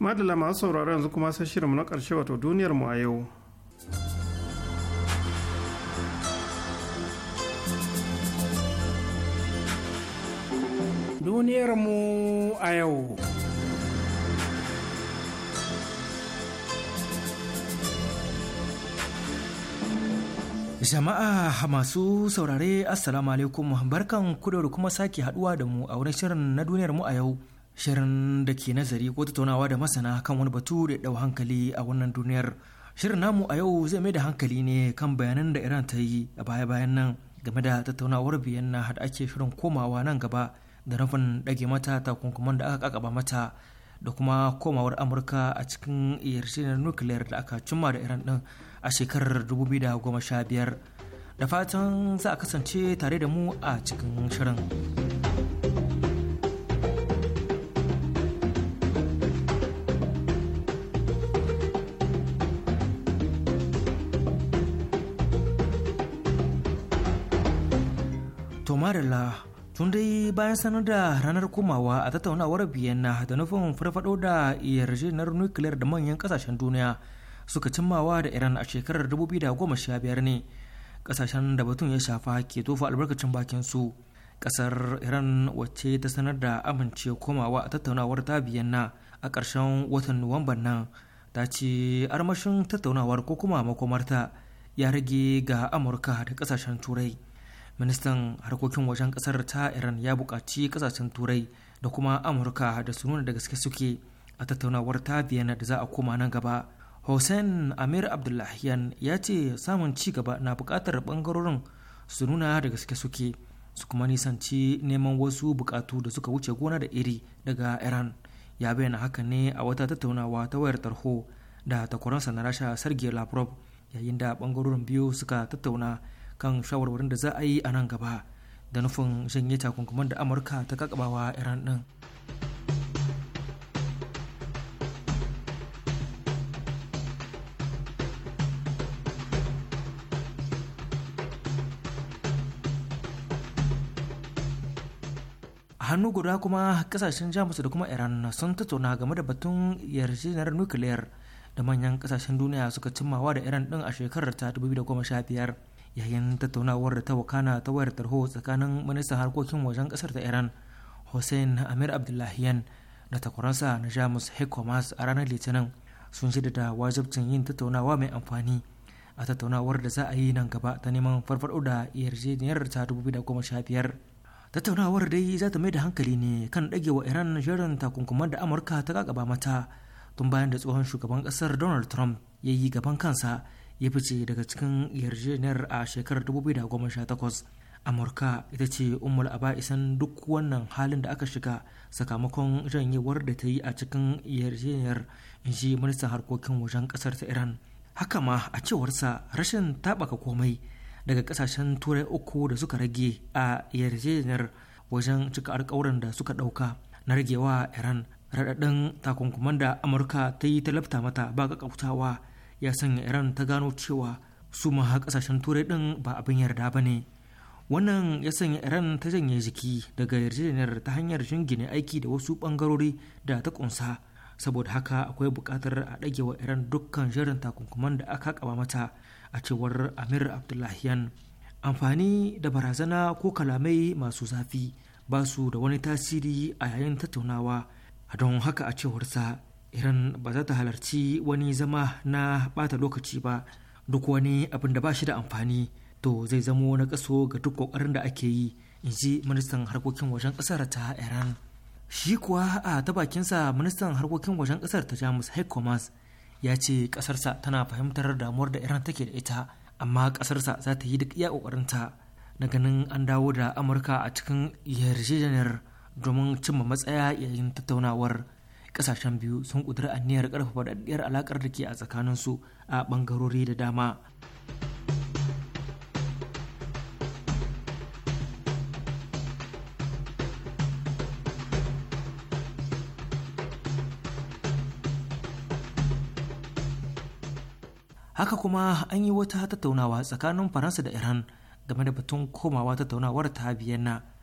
madalla masu sauraron yanzu kuma sai shirinmu na ƙarshe wato duniyar mu a yau duniyarmu a yau. Jama'a masu saurare Assalamu alaikum barkan ku da kuma sake haduwa da mu a wurin shirin na duniyar mu a yau. Shirin da ke nazari ko tattaunawa da masana kan wani batu da ɗau hankali a wannan duniyar. Shirin namu a yau zai mai da hankali ne kan bayanan da Iran ta yi a baya-bayan nan game da tattaunawar biyan na hada ake shirin komawa nan gaba da rufin dage mata takunkuman da aka kakaba mata da kuma komawar amurka a cikin yarjejeniyar nukiliyar da aka cimma da iran din a shekarar 2015 da fatan za a kasance tare da mu a cikin shirin to marilla tun dai bayan sanar da ranar komawa a tattaunawar biyanna da nufin farfado da yarjejeniyar nukiliyar da manyan kasashen duniya suka cimmawa da iran a shekarar 2015 ne kasashen da batun ya shafa ke tofa albarkacin bakin su kasar iran wacce ta sanar da amince komawa a tattaunawar ta biyanna a ƙarshen watan nuwamban nan ta ce armashin tattaunawar ko kuma makomarta ya rage ga amurka da kasashen turai ministan harkokin wajen kasar ta iran ya bukaci kasashen turai da kuma amurka da su nuna da gaske suke a tattaunawar ta biyana da za a koma nan gaba hussein amir abdullahiyan ya ce samun ci gaba na bukatar bangarorin su nuna da gaske suke su kuma nisanci neman wasu bukatu da suka wuce gona da iri daga iran ya bayyana haka ne a wata tattaunawa ta wayar tarho da takwaransa na rasha sergei lavrov yayin da ɓangarorin biyu suka tattauna kan shawarwarin da za a yi a nan gaba da nufin janye takunkuman da amurka ta kakabawa iran din hannu guda kuma kasashen jamus da kuma iran sun tattauna game da batun yarjejeniyar nukiliyar da manyan kasashen duniya suka cimmawa da iran din a shekarar ta 2015 yayin tattaunawar da ta wakana ta wayar tarho tsakanin ministan harkokin wajen kasar ta iran hussein amir abdullahiyan da takwaransa na jamus hekomas a ranar litinin sun shida da wajibcin yin tattaunawa mai amfani a tattaunawar da za a yi nan gaba ta neman farfaɗo da yarjejeniyar ta biyar tattaunawar dai za ta mai da hankali ne kan ɗagewa iran shirin takunkuman da amurka ta gagaba mata tun bayan da tsohon shugaban ƙasar donald trump ya yi gaban kansa ya fice daga cikin yarjejeniyar a shekarar 2018 amurka ita ce umar aba'isan duk wannan halin da aka shiga sakamakon janyewar da ta yi a cikin yarjejeniyar inji ministan harkokin wajen kasar ta iran haka ma a cewarsa rashin taɓaka komai daga kasashen turai uku da suka rage a yarjejeniyar wajen cika alkawuran da suka ɗauka na ragewa iran raɗaɗin takunkuman da amurka ta yi talabta mata ba kautawa. ya sanya iran ta gano cewa su ma kasashen turai din ba abin yarda ba ne wannan ya sanya iran ta janye jiki daga yarjejeniyar ta hanyar jingine aiki da wasu bangarori da ta kunsa saboda haka akwai buƙatar a ɗage wa iran dukkan shirin takunkuman da aka kaba mata a cewar amir abdullahiyan amfani da barazana ko kalamai masu zafi ba su da wani tasiri a yayin tattaunawa don haka a cewarsa iran ba za ta halarci wani zama na bata lokaci ba duk wani abin da ba shi da amfani to zai zamo na kaso ga duk ƙoƙarin da ake yi in ji ministan harkokin wajen ƙasar ta iran shi kuwa a ta bakinsa ministan harkokin wajen ƙasar ta jamus heiko ya ce kasarsa tana fahimtar damuwar da iran take da ita amma kasarsa za ta yi duk iya na ganin an dawo da amurka a cikin yarjejeniyar domin cimma matsaya yayin tattaunawar kasashen biyu sun kudura aniyar ƙarfafa daɗaɗɗiyar alaƙar da ke a su a bangarori da dama haka kuma an yi wata tattaunawa tsakanin faransa da iran game da batun komawa tattaunawar ta biyanna.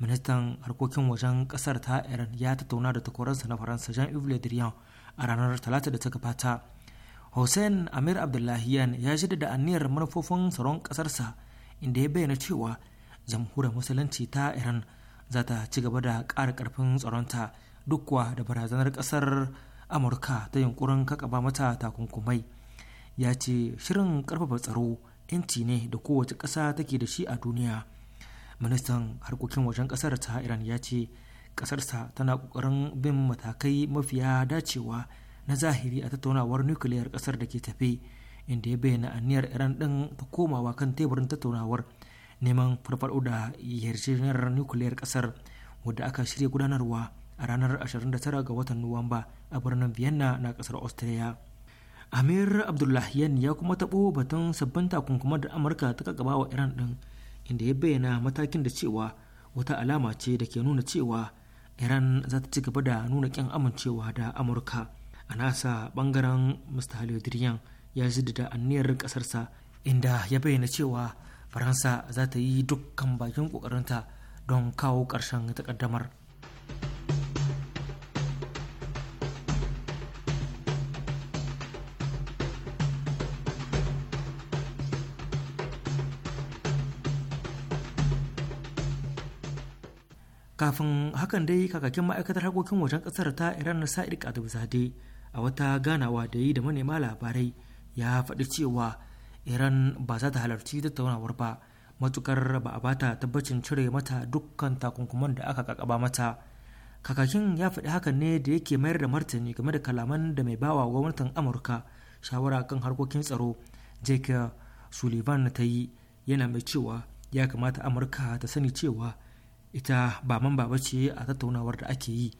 ministan harkokin wajen kasar ta iran ya tattauna da takwaransa na faransa jean-yves le drian a ranar talata da ta gabata hussein amir abdullahiyan ya shida da aniyar manufofin tsaron kasarsa inda ya bayyana cewa jamhuriyar musulunci ta iran za ta ci gaba da ƙara ƙarfin tsaronta duk kuwa da barazanar kasar amurka ta yunkurin kakaba mata takunkumai ya ce shirin ƙarfafa tsaro 'yanci ne da kowace ƙasa take da shi a duniya ministan harkokin wajen kasar ta iran ya ce kasarsa tana kokarin bin matakai mafiya dacewa na zahiri a tattaunawar nukiliyar kasar da ke tafe inda ya bayyana aniyar iran din ta komawa kan teburin tattaunawar neman farfaɗo da yarjejeniyar nukiliyar kasar wadda aka shirya gudanarwa a ranar 29 ga watan nuwamba a birnin vienna na kasar austria amir abdullahian ya kuma taɓo batun sabbin takunkuma da amurka ta gaba wa iran din inda ya bayyana matakin da cewa wata alama ce da ke nuna cewa iran za ta ci gaba da nuna kyan amincewa da amurka a nasa bangaren mr halidiriyan ya da aniyar kasarsa inda ya bayyana cewa faransa za ta yi dukkan bakin kokarinta don kawo ƙarshen takaddamar kafin hakan dai kakakin ma'aikatar harkokin wajen kasar ta iran sa'id kadabzade a wata ganawa da yi da manema labarai ya faɗi cewa iran ba za ta halarci tattaunawar ba matukar ba a bata tabbacin cire mata dukkan takunkuman da aka kakaba mata kakakin ya faɗi hakan ne da yake mayar da martani game da kalaman da mai bawa gwamnatin amurka shawara kan harkokin tsaro jake sullivan ta yi yana mai cewa ya kamata amurka ta sani cewa ita ba mamba ba ce a tattaunawar da ake yi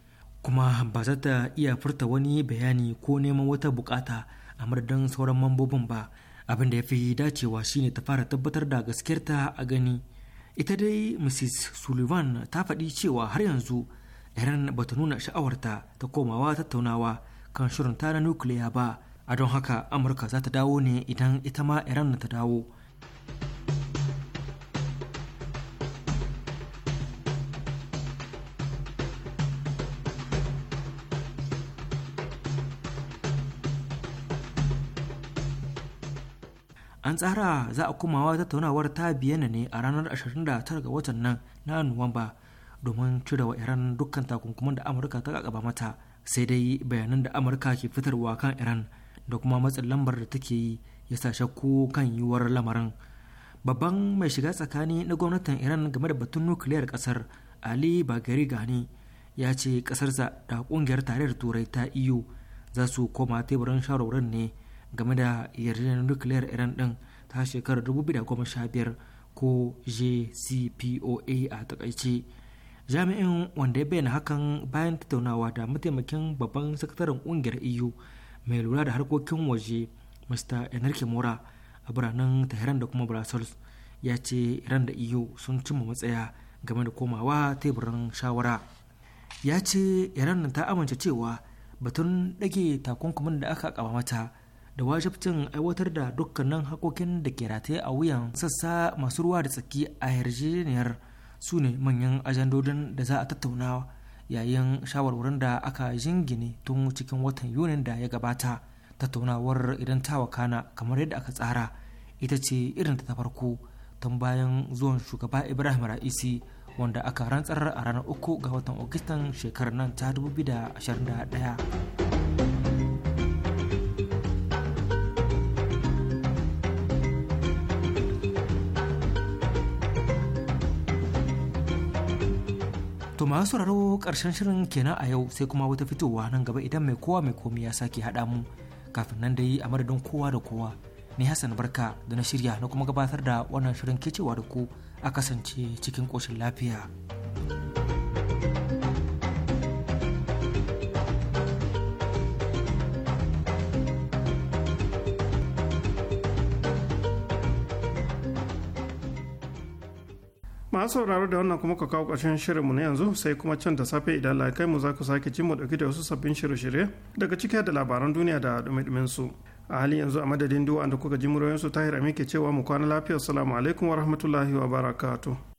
kuma ba za ta iya furta wani bayani ko neman wata bukata a madadin sauran mambobin ba abin da ya fi dacewa shine ta fara tabbatar da gaskiyarta a gani ita dai mrs sullivan ta faɗi cewa har yanzu iran ba ta nuna sha'awarta ta komawa tattaunawa kan shirin ta na nukiliya ba a don haka amurka za ta dawo ne idan ita ma iran ta dawo tsara za a kumawa tattaunawar ta biyana ne a ranar 29 ga watan nan na nuwamba domin cire wa iran dukkan takunkuman da amurka ta gaba mata sai dai bayanan da amurka ke fitarwa kan iran da kuma matsin lambar da take yi ya sa shakku kan yiwuwar lamarin babban mai shiga tsakani na gwamnatin iran game da batun nukiliyar kasar ali bagari gani ya ce kasarsa da kungiyar tarayyar turai ta iyo e za su koma teburin shawarwarin ne game da yarjejeniyar nukiliyar iran din ta shekarar 2015 ko jcpoa a takaice jami'in wanda ya bayyana hakan bayan tattaunawa da mataimakin babban sakataren kungiyar eu mai lura da harkokin waje mr enrique mora a biranen tehran da kuma brussels ya ce iran da eu sun cimma matsaya game da komawa teburin shawara ya ce iran ta amince cewa batun ɗage takunkumin da aka kaba mata da wajabcin aiwatar da dukkanin hakokin da ke rataye a wuyan sassa masu ruwa da tsaki a yarjejeniyar su ne manyan ajandodin da za a tattauna yayin shawarwarin da aka jingine tun cikin watan yunin da ya gabata tattaunawar idan ta wakana kamar yadda aka tsara ita ce irin ta farko tun bayan zuwan shugaba ibrahim ra'isi wanda aka rantsar a ranar uku ga watan ogistan shekarar nan ta 2021 To masu sauraro karshen shirin kenan a yau sai kuma wata fitowa nan gaba idan mai kowa mai komi ya sake haɗa mu kafin nan dai a madadin kowa da kowa. Ni Hassan Barka da na shirya na kuma gabatar da wannan shirin ke da ku a kasance cikin koshin lafiya. thank you masu sauraro da wannan kuma ka kawo ƙarshen shirinmu na yanzu sai kuma can da safe idan kai mu za ku sake jin mu dauki da wasu sabbin shirye-shirye daga cike da labaran duniya da dumi su. a halin yanzu a madadin duwa da kuka ji muryoyinsu tahir ke cewa mu kwana lafiya salamu alaikum wa rahmatullahi wa barakatuh.